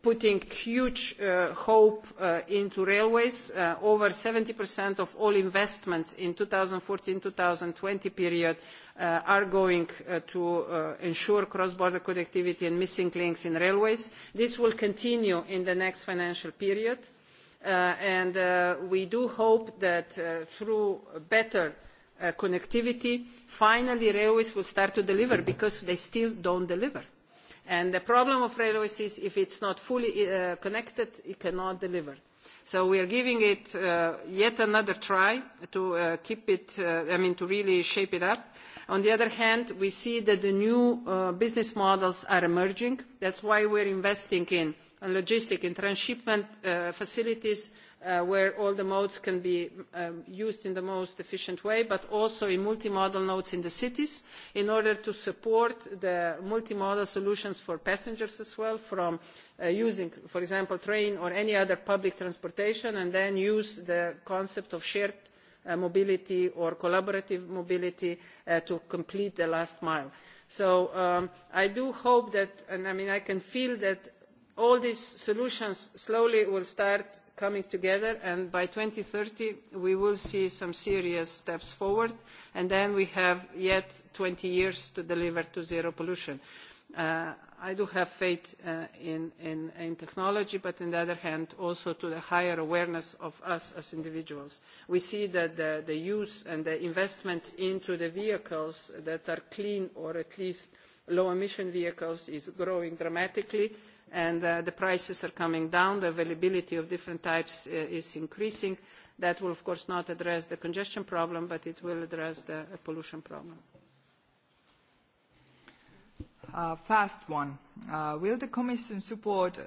putting huge uh, hope uh, into railways. Uh, over 70% of all investments in 2014-2020 period uh, are going uh, to uh, ensure cross-border connectivity and missing links in railways. This will continue in the next financial period. Uh, and uh, we do hope that uh, through better uh, connectivity, finally railways will start to deliver because they still don't deliver and the problem of railways is if it's not fully uh, connected it cannot deliver so we are giving it uh, yet another try to uh, keep it uh, i mean to really shape it up on the other hand we see that the new uh, business models are emerging that's why we're investing in logistic and transshipment uh, facilities Uh, where all the modes can be um, used in the most efficient way but also in multimodal nodes in the cities in order to support the multimodal solutions for passengers as well from uh, using for example train or any other public transportation and then use the concept of shared uh, mobility or collaborative mobility to complete the last mile. so um, i do hope that and i mean i can feel that all these solutions slowly will start coming together and by 2030 we will see some serious steps forward and then we have yet 20 years to deliver to zero pollution. Uh, I do have faith uh, in, in, in technology but on the other hand also to the higher awareness of us as individuals. We see that the, the use and the investment into the vehicles that are clean or at least low emission vehicles is growing dramatically and uh, the prices are coming down, the availability of different types uh, is increasing. That will, of course, not address the congestion problem, but it will address the uh, pollution problem. Uh, fast one. Uh, will the Commission support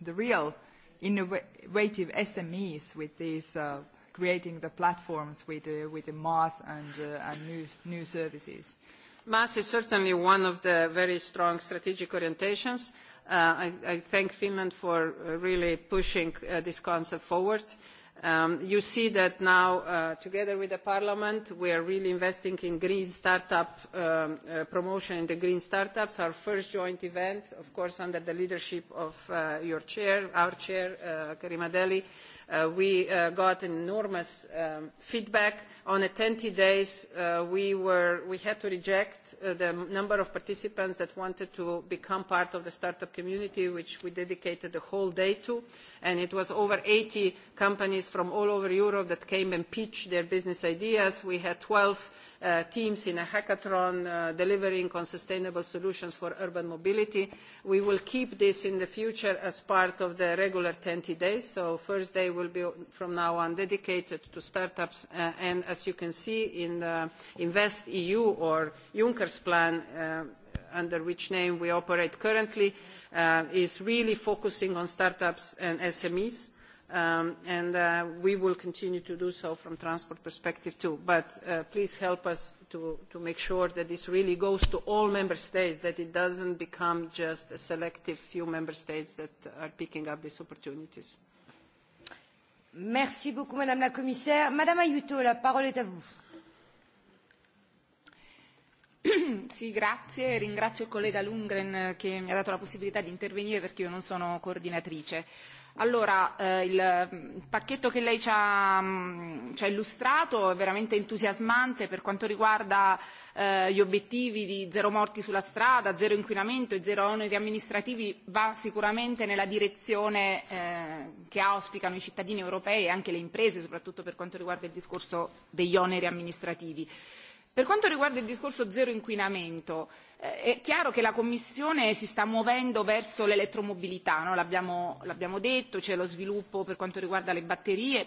the real innovative SMEs with these, uh, creating the platforms with, uh, with the MAS and, uh, and new, new services? MAS is certainly one of the very strong strategic orientations. Uh, Uh, I thank Finland for uh, really pushing uh, this concept forward. Um, you see that now, uh, together with the Parliament, we are really investing in green startup um, uh, promotion in the green startups, our first joint event, of course, under the leadership of uh, your chair, our chair, uh, Karima Deli. Uh, uh, we uh, got enormous um, feedback. On a 20 days, uh, we, were, we had to reject uh, the number of participants that wanted to become part of the startup community, which we dedicated the whole day to. And it was over 80 companies from all over Europe that came and pitched their business ideas. We had 12 Uh, teams in a hackathon uh, delivering on sustainable solutions for urban mobility. We will keep this in the future as part of the regular 10 days. So first day will be from now on dedicated to startups. Uh, and as you can see in the Invest EU or Juncker's plan, uh, under which name we operate currently, uh, is really focusing on startups and SMEs. Uh, Um, and uh, we will continue to do so from transport perspective too. Uh, please help us to make sure that this really goes to all member states, that it doesn't become just a selective few member states that are picking up these opportunities. Merci beaucoup, Madame la Commissaire. Madame Aiuto, la parole est à vous. Sì, grazie. Ringrazio il collega Lundgren eh, che mi ha dato la possibilità di intervenire perché io non sono coordinatrice. Allora, eh, il mm, pacchetto che lei ci ha, mh, mm, ci ha illustrato è veramente entusiasmante per quanto riguarda eh, gli obiettivi di zero morti sulla strada, zero inquinamento e zero oneri amministrativi, va sicuramente nella direzione eh, che auspicano i cittadini europei e anche le imprese, soprattutto per quanto riguarda il discorso degli oneri amministrativi. Eh, Per quanto riguarda il discorso zero inquinamento, eh, è chiaro che la Commissione si sta muovendo verso l'elettromobilità, no? l'abbiamo, l'abbiamo detto, c'è cioè lo sviluppo per quanto riguarda le batterie,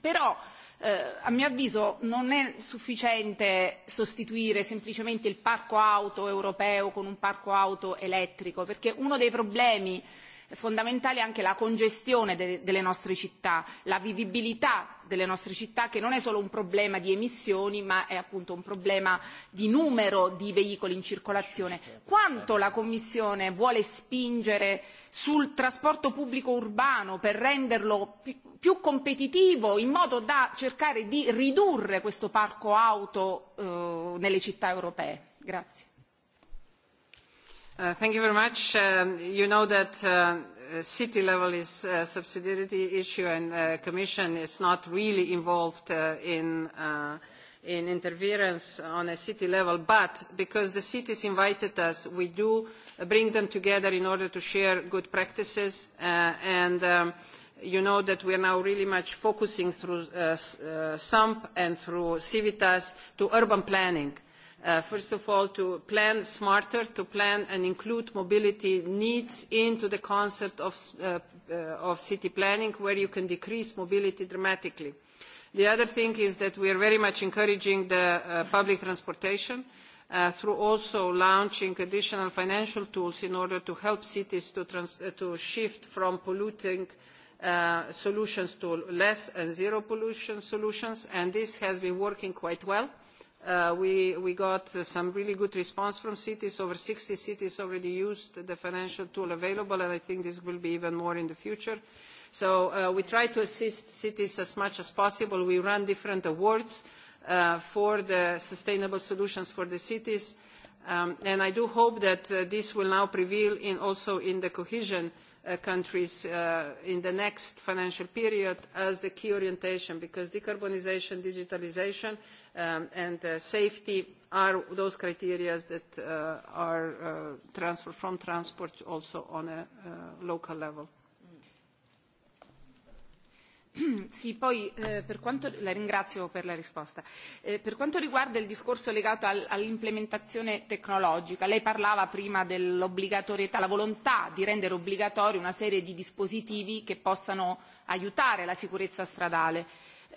però eh, a mio avviso non è sufficiente sostituire semplicemente il parco auto europeo con un parco auto elettrico, perché uno dei problemi fondamentale anche la congestione de- delle nostre città, la vivibilità delle nostre città che non è solo un problema di emissioni ma è appunto un problema di numero di veicoli in circolazione. Quanto la Commissione vuole spingere sul trasporto pubblico urbano per renderlo pi- più competitivo in modo da cercare di ridurre questo parco auto eh, nelle città europee? Grazie. Uh, thank you very much. Um, you know that uh, uh city level is a subsidiarity issue and the uh, Commission is not really involved uh, in, uh, in interference on a city level, but because the cities invited us, we do bring them together in order to share good practices uh, and um, you know that we are now really much focusing through uh, uh, SUMP and through Civitas to urban planning. Uh, Uh, first of all to plan smarter to plan and include mobility needs into the concept of, uh, uh, of city planning where you can decrease mobility dramatically. The other thing is that we are very much encouraging the uh, public transportation uh, through also launching additional financial tools in order to help cities to, trans uh, to shift from polluting uh, solutions to less and zero pollution solutions. And this has been working quite well. Uh, we got uh, some really good response from cities. Over 60 cities already used the financial tool available, and I think this will be even more in the future. So uh, we try to assist cities as much as possible. We run different awards for the sustainable solutions for the cities. Um, and I do hope that this will now prevail also in the cohesion Uh, countries uh, in the next financial period as the key orientation because decarbonization, digitalization um, and uh, safety are those criteria that uh, are uh, transferred from transport also on a uh, local level. Eh, la ringrazio per la risposta. Eh, per quanto riguarda il discorso legato all'implementazione tecnologica lei parlava prima dell'obbligatorietà la volontà di rendere obbligatoria una serie di dispositivi che possano aiutare la sicurezza stradale.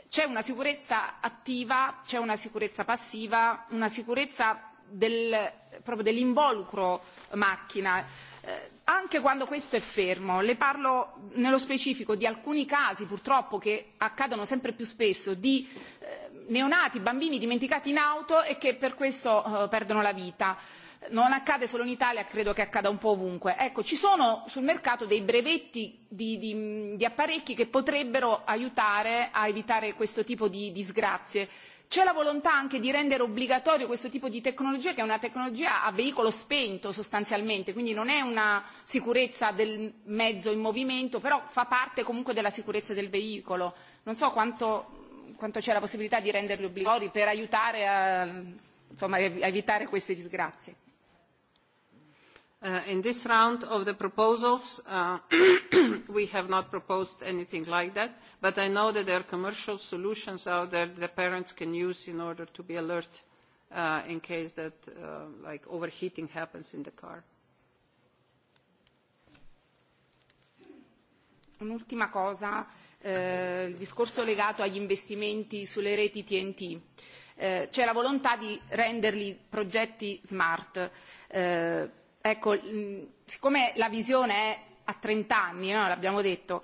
c'è una sicurezza attiva c'è una sicurezza passiva una sicurezza del, proprio dell'involucro macchina. Eh, anche quando questo è fermo le parlo nello specifico di alcuni casi purtroppo che accadono sempre più spesso di eh, neonati bambini dimenticati in auto e che per questo eh, perdono la vita non accade solo in italia credo che accada un po' ovunque ecco ci sono sul mercato dei brevetti di, di, di apparecchi che potrebbero aiutare a evitare questo tipo di disgrazie c'è la volontà anche di rendere obbligatorio questo tipo di tecnologia che è una tecnologia a veicolo spento sostanzialmente quindi non è una sicurezza del mezzo in movimento però fa parte comunque della sicurezza del veicolo non so quanto, quanto c'è la possibilità di renderli obbligatori per aiutare a insomma, evitare queste disgrazie. Uh, in this round of the proposals, uh, we have not proposed anything like that, but I know that there are commercial solutions out there the parents can use in order to be alert uh, in case that like overheating happens in the car. Un'ultima cosa, eh, il discorso legato agli investimenti sulle reti TEN-T. Eh, c'è la volontà di renderli progetti smart. Eh, Ecco, siccome la visione è a 30 anni, no? l'abbiamo detto,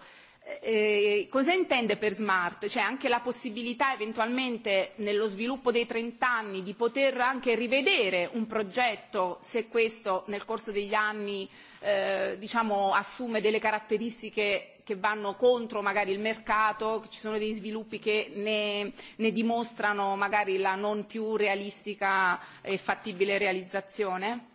eh, eh, cosa intende per smart? Cioè anche la possibilità eventualmente nello sviluppo dei 30 anni di poter anche rivedere un progetto se questo nel corso degli anni eh, diciamo, assume delle caratteristiche che vanno contro magari il mercato, che ci sono dei sviluppi che ne, ne dimostrano magari la non più realistica e fattibile realizzazione?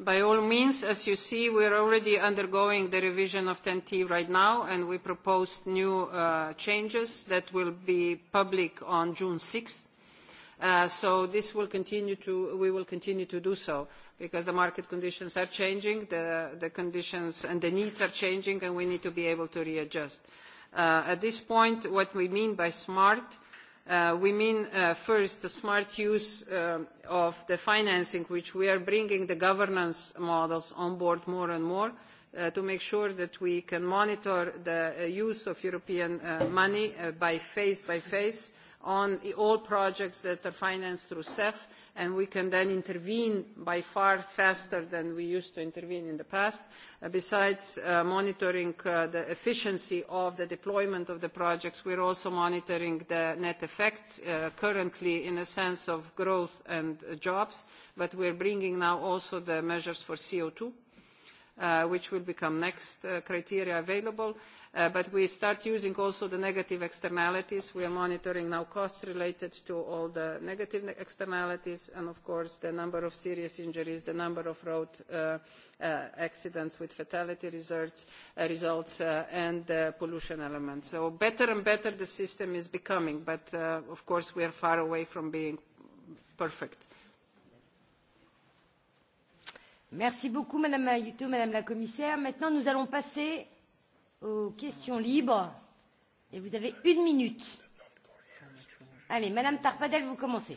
By all means, as you see, we are already undergoing the revision of 10T right now, and we proposed new uh, changes that will be public on June 6th. Uh, so this will continue to, we will continue to do so, because the market conditions are changing, the, the conditions and the needs are changing, and we need to be able to readjust. Uh, at this point, what we mean by smart Uh, we mean uh, first the smart use uh, of the financing which we are bringing the governance models on board more and more uh, to make sure that we can monitor the uh, use of European uh, money uh, by face by face uh, on all projects that are financed through cef and we can then intervene by far faster than we used to intervene in the past uh, besides uh, monitoring uh, the efficiency of the deployment of the projects we are also monitoring the net effects currently in a sense of growth and jobs but we are bringing now also the measures for co Uh, which will become next uh, criteria available. Uh, but we start using also the negative externalities. We are monitoring now costs related to all the negative externalities and, of course, the number of serious injuries, the number of road uh, uh, accidents with fatality results, uh, results uh, and uh, pollution elements. So better and better the system is becoming, but, uh, of course, we are far away from being perfect merci beaucoup madame aiuto madame la commissaire maintenant nous allons passer aux questions libres et vous avez une minute allez madame tarfadel vous commencez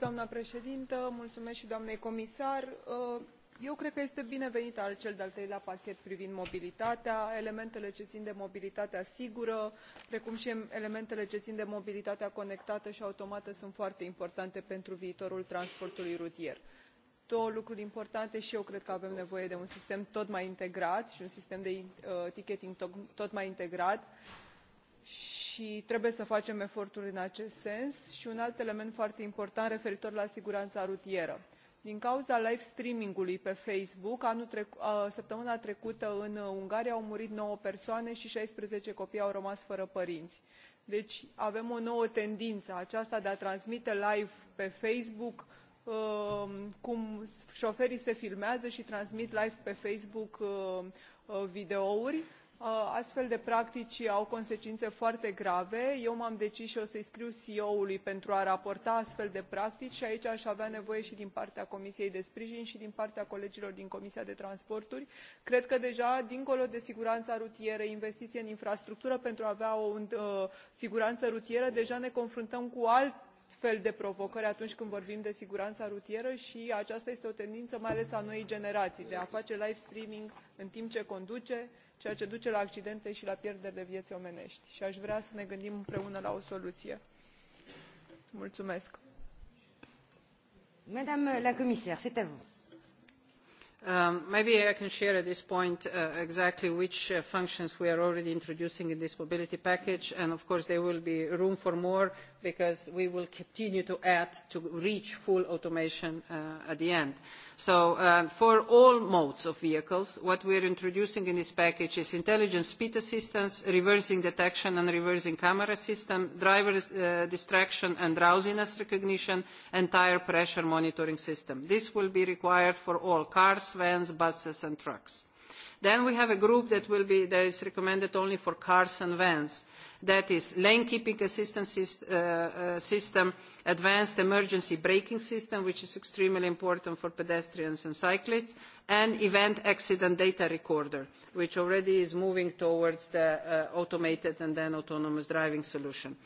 doamnă președintă mulțumesc și doamnei comisar sunt uh, de acord cu raportul și cu punctele eu cred că este binevenit cel de al treilea pachet privind mobilitatea elementele ce țin de mobilitatea sigură precum și elementele ce țin de mobilitatea conectată și automată sunt foarte importante pentru viitorul transportului rutier două lucruri importante și eu cred că avem nevoie de un sistem tot mai integrat și un sistem de uh, ticketing tot mai integrat și trebuie să facem eforturi în acest sens și un alt element foarte important referitor la siguranța rutieră din cauza live streaming ului pe facebook săptămâna trecută în ungaria au murit nouă persoane și șaisprezece copii au rămas fără părinți. deci avem o nouă tendință aceasta de a transmite live pe facebook um, cum șoferii se filmează și transmit live pe facebook um, uh, videouri. Uh, astfel de practici au consecințe foarte grave. eu m am decis și o să i scriu ceo ului pentru a raporta astfel de practici și aici aș avea nevoie și din partea comisiei de sprijin și din partea colegilor din comisia pentru transport și turism. cred că deja dincolo de siguranța rutieră investiții în infrastructură pentru a avea o uh, siguranță rutieră deja ne confruntăm cu alt fel de provocări atunci când vorbim de siguranța rutieră și aceasta este o tendință mai ales a noii generații de a face live streaming în timp ce conduce ceea ce duce la accidente i la pierderi de viei omeneti i a vrea să ne gândim împreună la o soluie. Um, maybe i can share at this point uh, exactly which uh, functions we are already introducing in this mobility package and of course there will be room for more because we will continue to add to reach full automation uh, at the end. So um, for all modes of vehicles, what we are introducing in this package is intelligent speed assistance, reversing detection and reversing camera system, driver uh, distraction and drowsiness recognition, and tire pressure monitoring system. This will be required for all cars, vans, buses, and trucks. Then we have a group that will be that is recommended only for cars and vans. That is lane keeping assistance uh, uh, system, advanced emergency braking system, which is extremely important for pedestrians and cyclists, and event accident data recorder, which already is moving towards the uh, automated and then autonomous driving solution.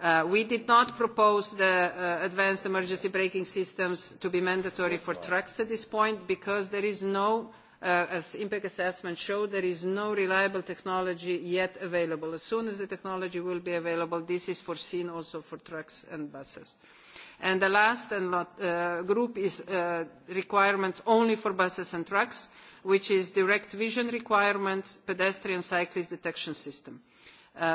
Uh, we did not propose the uh, advanced emergency braking systems to be mandatory for trucks at this point because there is no Uh, as impact assessments show there is no reliable technology yet available. as soon as the technology will be available this is foreseen also for trucks and buses. and the last uh, group is uh, requirements only for buses and trucks which is direct vision requirements pedestrian cyclist detection system.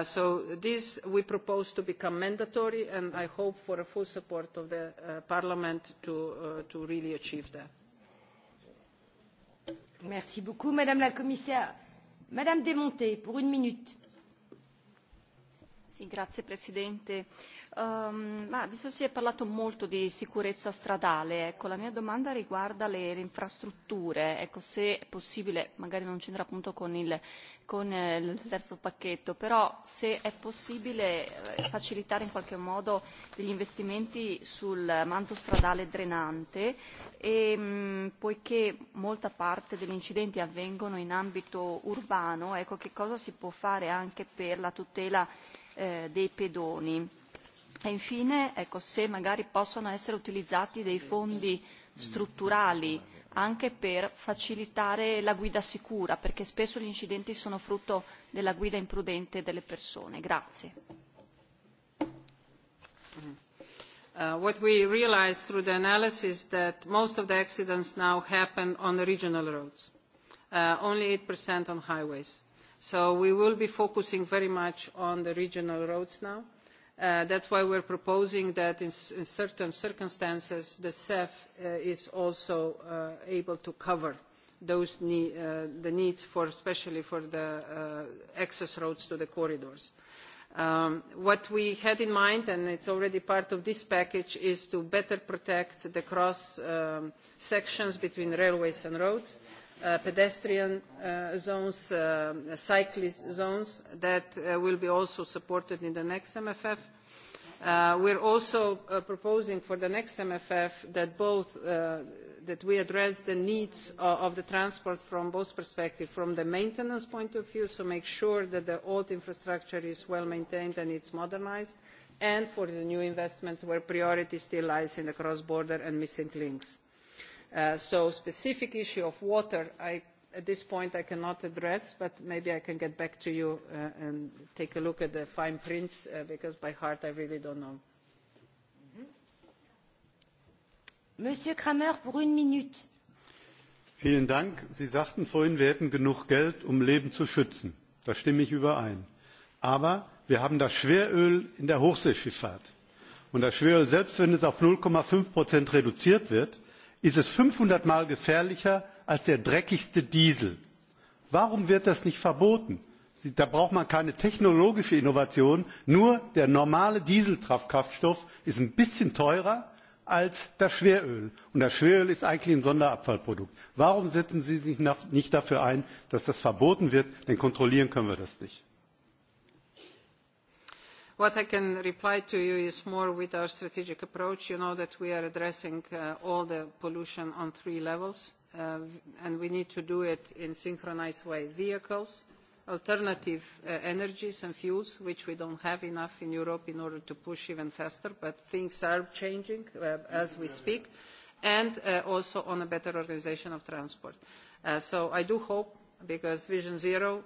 so this we propose to become mandatory and i hope for the full support of parliament to really achieve that merci beaucoup madame la commissaire madame de monte pour une minute. Um, ma visto si è parlato molto di sicurezza stradale, ecco, la mia domanda riguarda le, le infrastrutture, ecco, se è possibile, magari non c'entra appunto con il, con eh, il terzo pacchetto, però se è possibile eh, facilitare in qualche modo degli investimenti sul manto stradale drenante, e, mh, mm, poiché molta parte degli incidenti avvengono in ambito urbano, ecco, che cosa si può fare anche per la tutela eh, dei pedoni? E infine, ecco, se magari possono essere utilizzati dei fondi strutturali anche per facilitare la guida sicura, perché spesso gli incidenti sono frutto della guida imprudente delle persone. Grazie. Uh, what we realized through the analysis that most of the accidents now happen on the regional roads, uh, only 8% on highways. So we will be focusing very much on the regional roads now. Uh, that is why we are proposing that in certain circumstances the cef uh, is also uh, able to cover the needs especially for the access roads to the corridors. Um, what we had in mind and it is already part of this package is to better protect the cross um, sections between railways and roads Uh, pedestrian uh, zones uh, cyclist zones that uh, will be also supported in the next mff uh, we're also uh, proposing for the next mff that both uh, that we address the needs of, uh, of the transport from both perspectives from the maintenance point of view so make sure that the old infrastructure is well maintained and it's modernized and for the new investments where priority still lies in the cross-border and missing links. Uh, so the specific issue of water at this point i cannot address but maybe i can get back to you uh, and take a look at the fine print uh, because by heart i really do not know. Mm-hmm. Monsieur Kramer, pour une minute. Vielen Dank. Sie sagten vorhin, wir hätten genug Geld, um Leben zu schützen. Da stimme ich überein. Aber wir haben das Schweröl in der Hochseeschifffahrt. Und das Schweröl, selbst wenn es auf 0,5 Prozent reduziert wird, ist es fünfhundert mal gefährlicher als der dreckigste diesel. warum wird das nicht verboten? da braucht man keine technologische innovation nur der normale dieselkraftstoff ist ein bisschen teurer als das schweröl und das schweröl ist eigentlich ein sonderabfallprodukt. warum setzen sie sich nicht dafür ein dass das verboten wird denn kontrollieren können wir das nicht? What I can reply to you is more with our strategic approach. You know that we are addressing uh, all the pollution on three levels, uh, and we need to do it in synchronized way. Vehicles, alternative uh, energies and fuels, which we don't have enough in Europe in order to push even faster, but things are changing uh, as we speak, and uh, also on a better organization of transport. Uh, so I do hope, because Vision Zero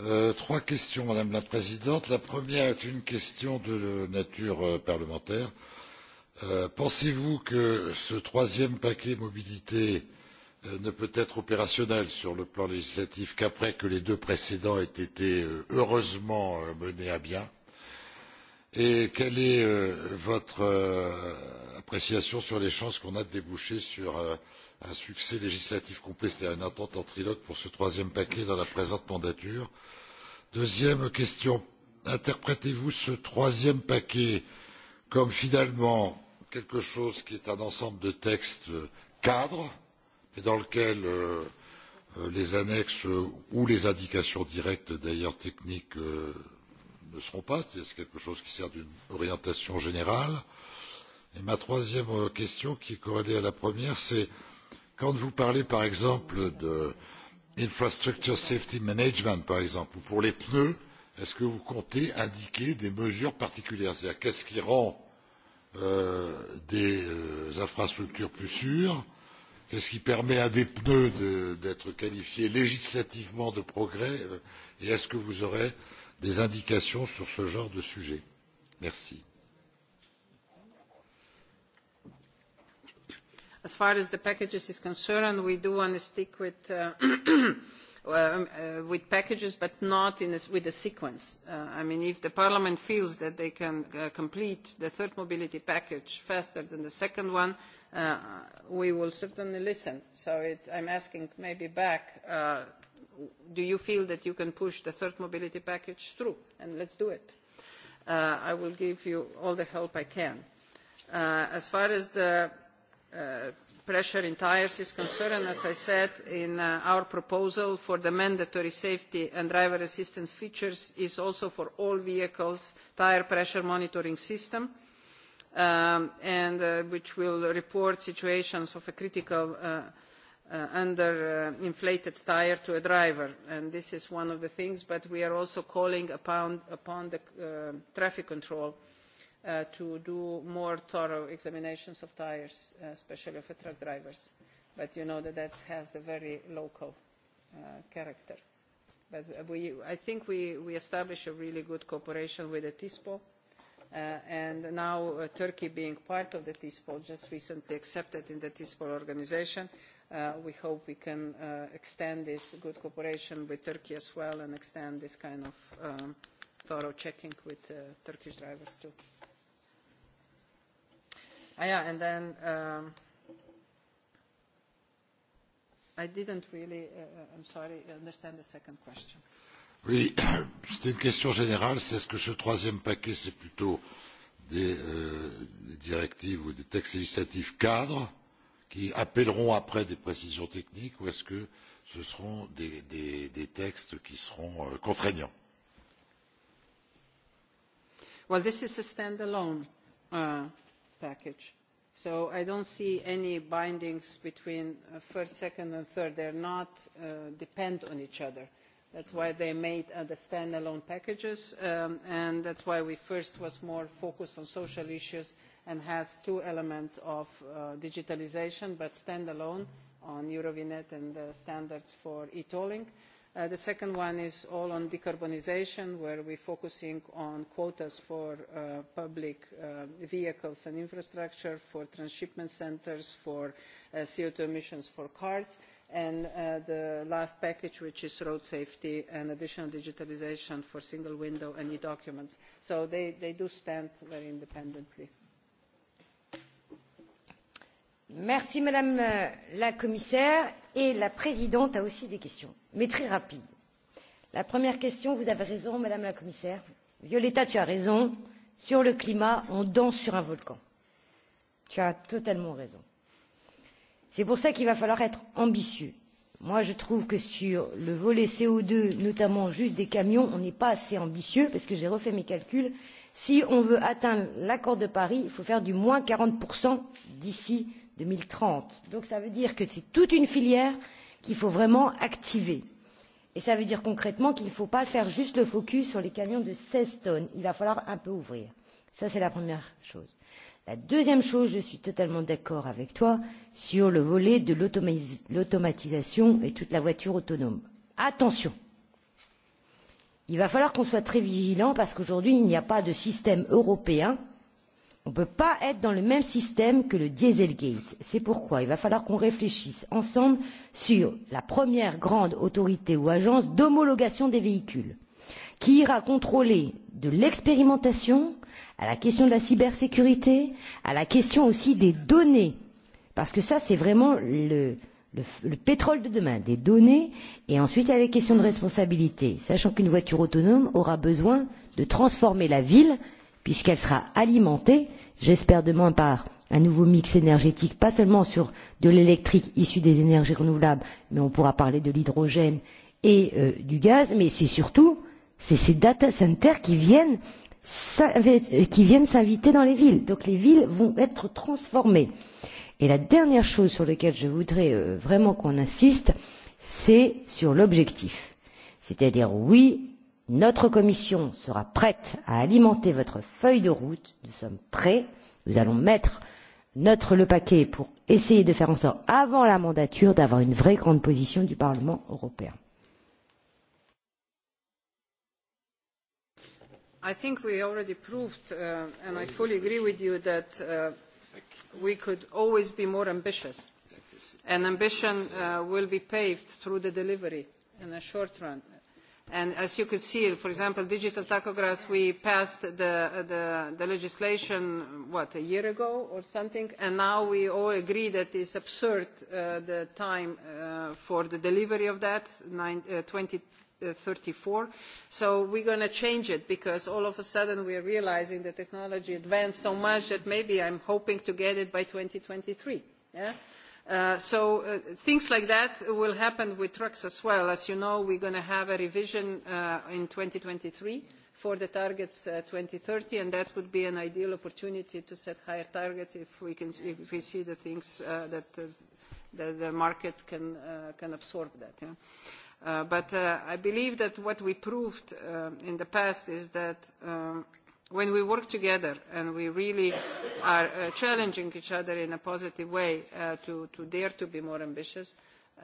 Euh, trois questions madame la présidente la première est une question de nature euh, parlementaire euh, pensez vous que ce troisième paquet mobilité ne peut être opérationnel sur le plan législatif qu'après que les deux précédents aient été heureusement menés à bien? quelle est euh, votre euh, appréciation sur les chances qu'on a de déboucher sur euh, un succès législatif complet c'est à dire une entente en trilogue pour ce troisième paquet dans la présente mandature? deuxième question interprétez vous ce troisième paquet comme finalement quelque chose qui est un ensemble de textes cadres et dans lequel les annexes ou les indications directes d'ailleurs techniques ne seront pas c'est à dire quelque chose qui sert d'une orientation générale et ma troisième euh, question qui est corrélée à la première c'est quand vous parlez par exemple de infrastructure safety management par exemple ou pour les pneus est ce que vous comptez indiquer des mesures particulières c'est à dire qu'est ce qui rend euh, des euh, infrastructures plus sûres qu'est ce qui permet à des pneus d'être de, qualifiés législativement de progrès et est ce que vous aurez euh, des indications sur ce genre de sujet. Merci. As far as the packages is concerned, we do want to stick with, uh, uh, uh, with packages, but not in a, with a sequence. Uh, I mean, if the Parliament feels that they can uh, complete the third mobility package faster than the second one, uh, we will certainly listen. So it, I'm asking maybe back uh, do you feel that you can push the third mobility package through and let's do it uh, i will give you all the help i can. Uh, as far as the uh, pressure in tyres is concerned as i said in our proposal for the mandatory safety and driver assistance features is also for all vehicles tyre pressure monitoring system um, which will report situations of a critical Uh, under uh, inflated tyre to a driver and this is one of the things but we are also calling upon the uh, traffic control to do more thorough examinations of tyres especially for truck drivers but you know that that has a very local character. But we, I think we, we established a really good cooperation with the TISPO uh, and now uh, Turkey being part of the TISPO just recently accepted in the TISPO organization Uh, we hope we can uh, extend this good cooperation with turkey as well and extend this kind of um, thorough checking with uh, turkish drivers too. Ah, and then um, i didn't really i'm sorry understand the second question. Oui, c'était une question générale. C'est ce que ce troisième paquet, c'est plutôt des, euh, des directives ou des textes législatifs cadres euh, qui appelleront après des précisions techniques ou est-ce que ce seront des, des, des textes qui seront euh, contraignants Well, this is a standalone uh, package. So I don't see any bindings between uh, first, second and third. They're not uh, depend on each other. That's why they made uh, the standalone packages um, and that's why we first was more focused on social issues and has two elements of uh, digitalization but stand alone on Eurovinet and the standards for e-tolling. Uh, the second one is all on decarbonization where we're focusing on quotas for uh, public uh, vehicles and infrastructure, for transshipment centers, for uh, CO2 emissions for cars. And uh, the last package, which is road safety and additional digitalization for single window and e-documents. So they, they do stand very independently merci madame euh, la commissaire et la présidente a aussi des questions mais très rapides. la première question vous avez raison madame la commissaire violeta tu as raison sur le climat on danse sur un volcan. tu as totalement raison. c'est pour cela qu'il va falloir être ambitieux. moi je trouve que sur le volet co deux notamment juste des camions on n'est pas assez ambitieux parce que j'ai refait mes calculs si on veut atteindre l'accord de paris il faut faire du moins quarante d'ici 2030. Donc ça veut dire que c'est toute une filière qu'il faut vraiment activer. Et ça veut dire concrètement qu'il ne faut pas faire juste le focus sur les camions de 16 tonnes. Il va falloir un peu ouvrir. Ça, c'est la première chose. La deuxième chose, je suis totalement d'accord avec toi sur le volet de l'automatisation et toute la voiture autonome. Attention Il va falloir qu'on soit très vigilant parce qu'aujourd'hui, il n'y a pas de système européen euh, On ne peut pas être dans le même système que le Dieselgate. C'est pourquoi il va falloir qu'on réfléchisse ensemble sur la première grande autorité ou agence d'homologation des véhicules, qui ira contrôler de l'expérimentation à la question de la cybersécurité, à la question aussi des données, parce que ça, c'est vraiment le, le, le pétrole de demain, des données, et ensuite il y a les questions de responsabilité, sachant qu'une voiture autonome aura besoin de transformer la ville puisqu'elle sera alimentée j'espère demain par un nouveau mix énergétique pas seulement sur de l'électrique issu des énergies renouvelables mais on pourra parler de l'hydrogène et euh, du gaz mais c'est surtout c'est ces data centers qui viennent qui viennent s'inviter dans les villes. Donc les villes vont être transformées. Et la dernière chose sur laquelle je voudrais euh, vraiment qu'on insiste, c'est sur l'objectif. C'est-à-dire, oui, notre commission sera prête à alimenter votre feuille de route nous sommes prêts nous allons mettre notre le paquet pour essayer de faire en sorte avant la mandature d'avoir une vraie grande position du parlement européen. I think we already proved uh, and I fully agree with you that uh, we could always be more ambitious. And ambition uh, will be paved through the delivery in the short run. Uh, As you could see, for example, digital tachographs, we passed the legislation, what, a year ago or something, and now we all agree that it's absurd, uh, the time uh, for the delivery of that, 2034. Uh, we're gonna change it because all of a sudden we are realizing the technology advanced so much that maybe I'm hoping to get it by 2023. Yeah? Uh, uh, things like that will happen with trucks as well. As you know, we're going to have a revision uh, in 2023 for the targets 2030, and that would be an ideal opportunity to set higher targets if we see the things that the market can absorb that. I believe that what we proved in the past is that um, when we work together and we really are uh, challenging each other in a positive way uh, to, to dare to be more ambitious,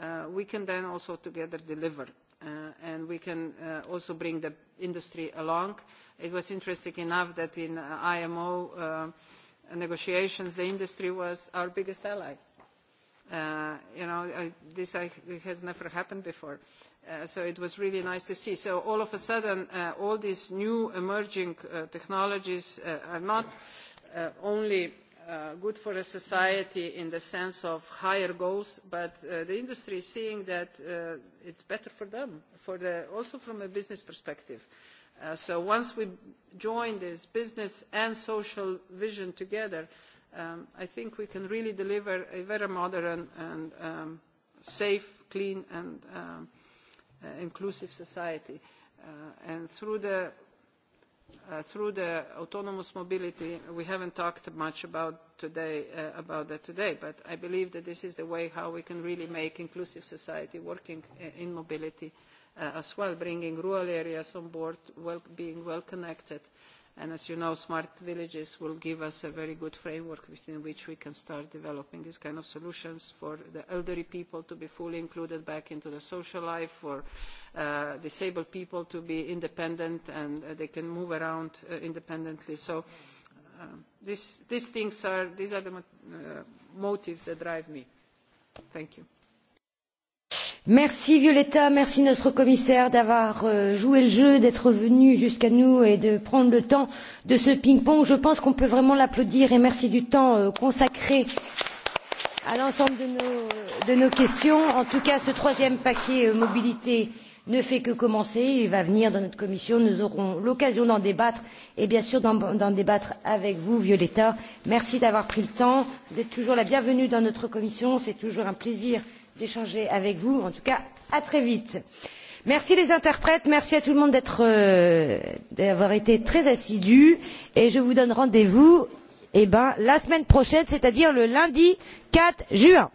uh, we can then also together deliver. Uh, and we can uh, also bring the industry along. It was interesting enough that in uh, IMO uh, negotiations, the industry was our biggest ally. Uh, Uh, you know, I, this I, has never happened before. Uh, so it was really nice to see. So all of a sudden, uh, all these new emerging uh, technologies uh, are not uh, only uh, good for a society in the sense of higher goals, but uh, the industry is seeing that uh, it's better for them, for the, also from a business perspective. Uh, so once we join this business and social vision together, uh, Um, i think we can really deliver a very modern and um, safe, clean and um, uh, inclusive society. Uh, and through the, uh, through the autonomous mobility, we haven't talked much about, today, uh, about that today, but I believe that this is the way how we can really make inclusive society working uh, in mobility uh, as well, bringing rural areas on board, well, being well connected. Uh, as you know smart villages will give us a very good framework within which we can start developing these kinds of solutions for the elderly people to be fully included back into the social life for uh, disabled people to be independent and uh, they can move around uh, independently so these things are the motives that drive me. thank you. Merci Violetta, merci notre commissaire d'avoir euh, joué le jeu, d'être venu jusqu'à nous et de prendre le temps de ce ping-pong. Je pense qu'on peut vraiment l'applaudir et merci du temps euh, consacré à l'ensemble de nos, de nos questions. En tout cas, ce troisième paquet euh, mobilité ne fait que commencer. Il va venir dans notre commission. Nous aurons l'occasion d'en débattre et bien sûr d'en débattre avec vous, Violetta. Merci d'avoir pris le temps. Vous êtes toujours la bienvenue dans notre commission. C'est toujours un plaisir d'échanger avec vous en tout cas à très vite. merci les interprètes merci à tout le monde euh, d'avoir été très assidus et je vous donne rendez vous eh la semaine prochaine c'est à dire le lundi quatre juin.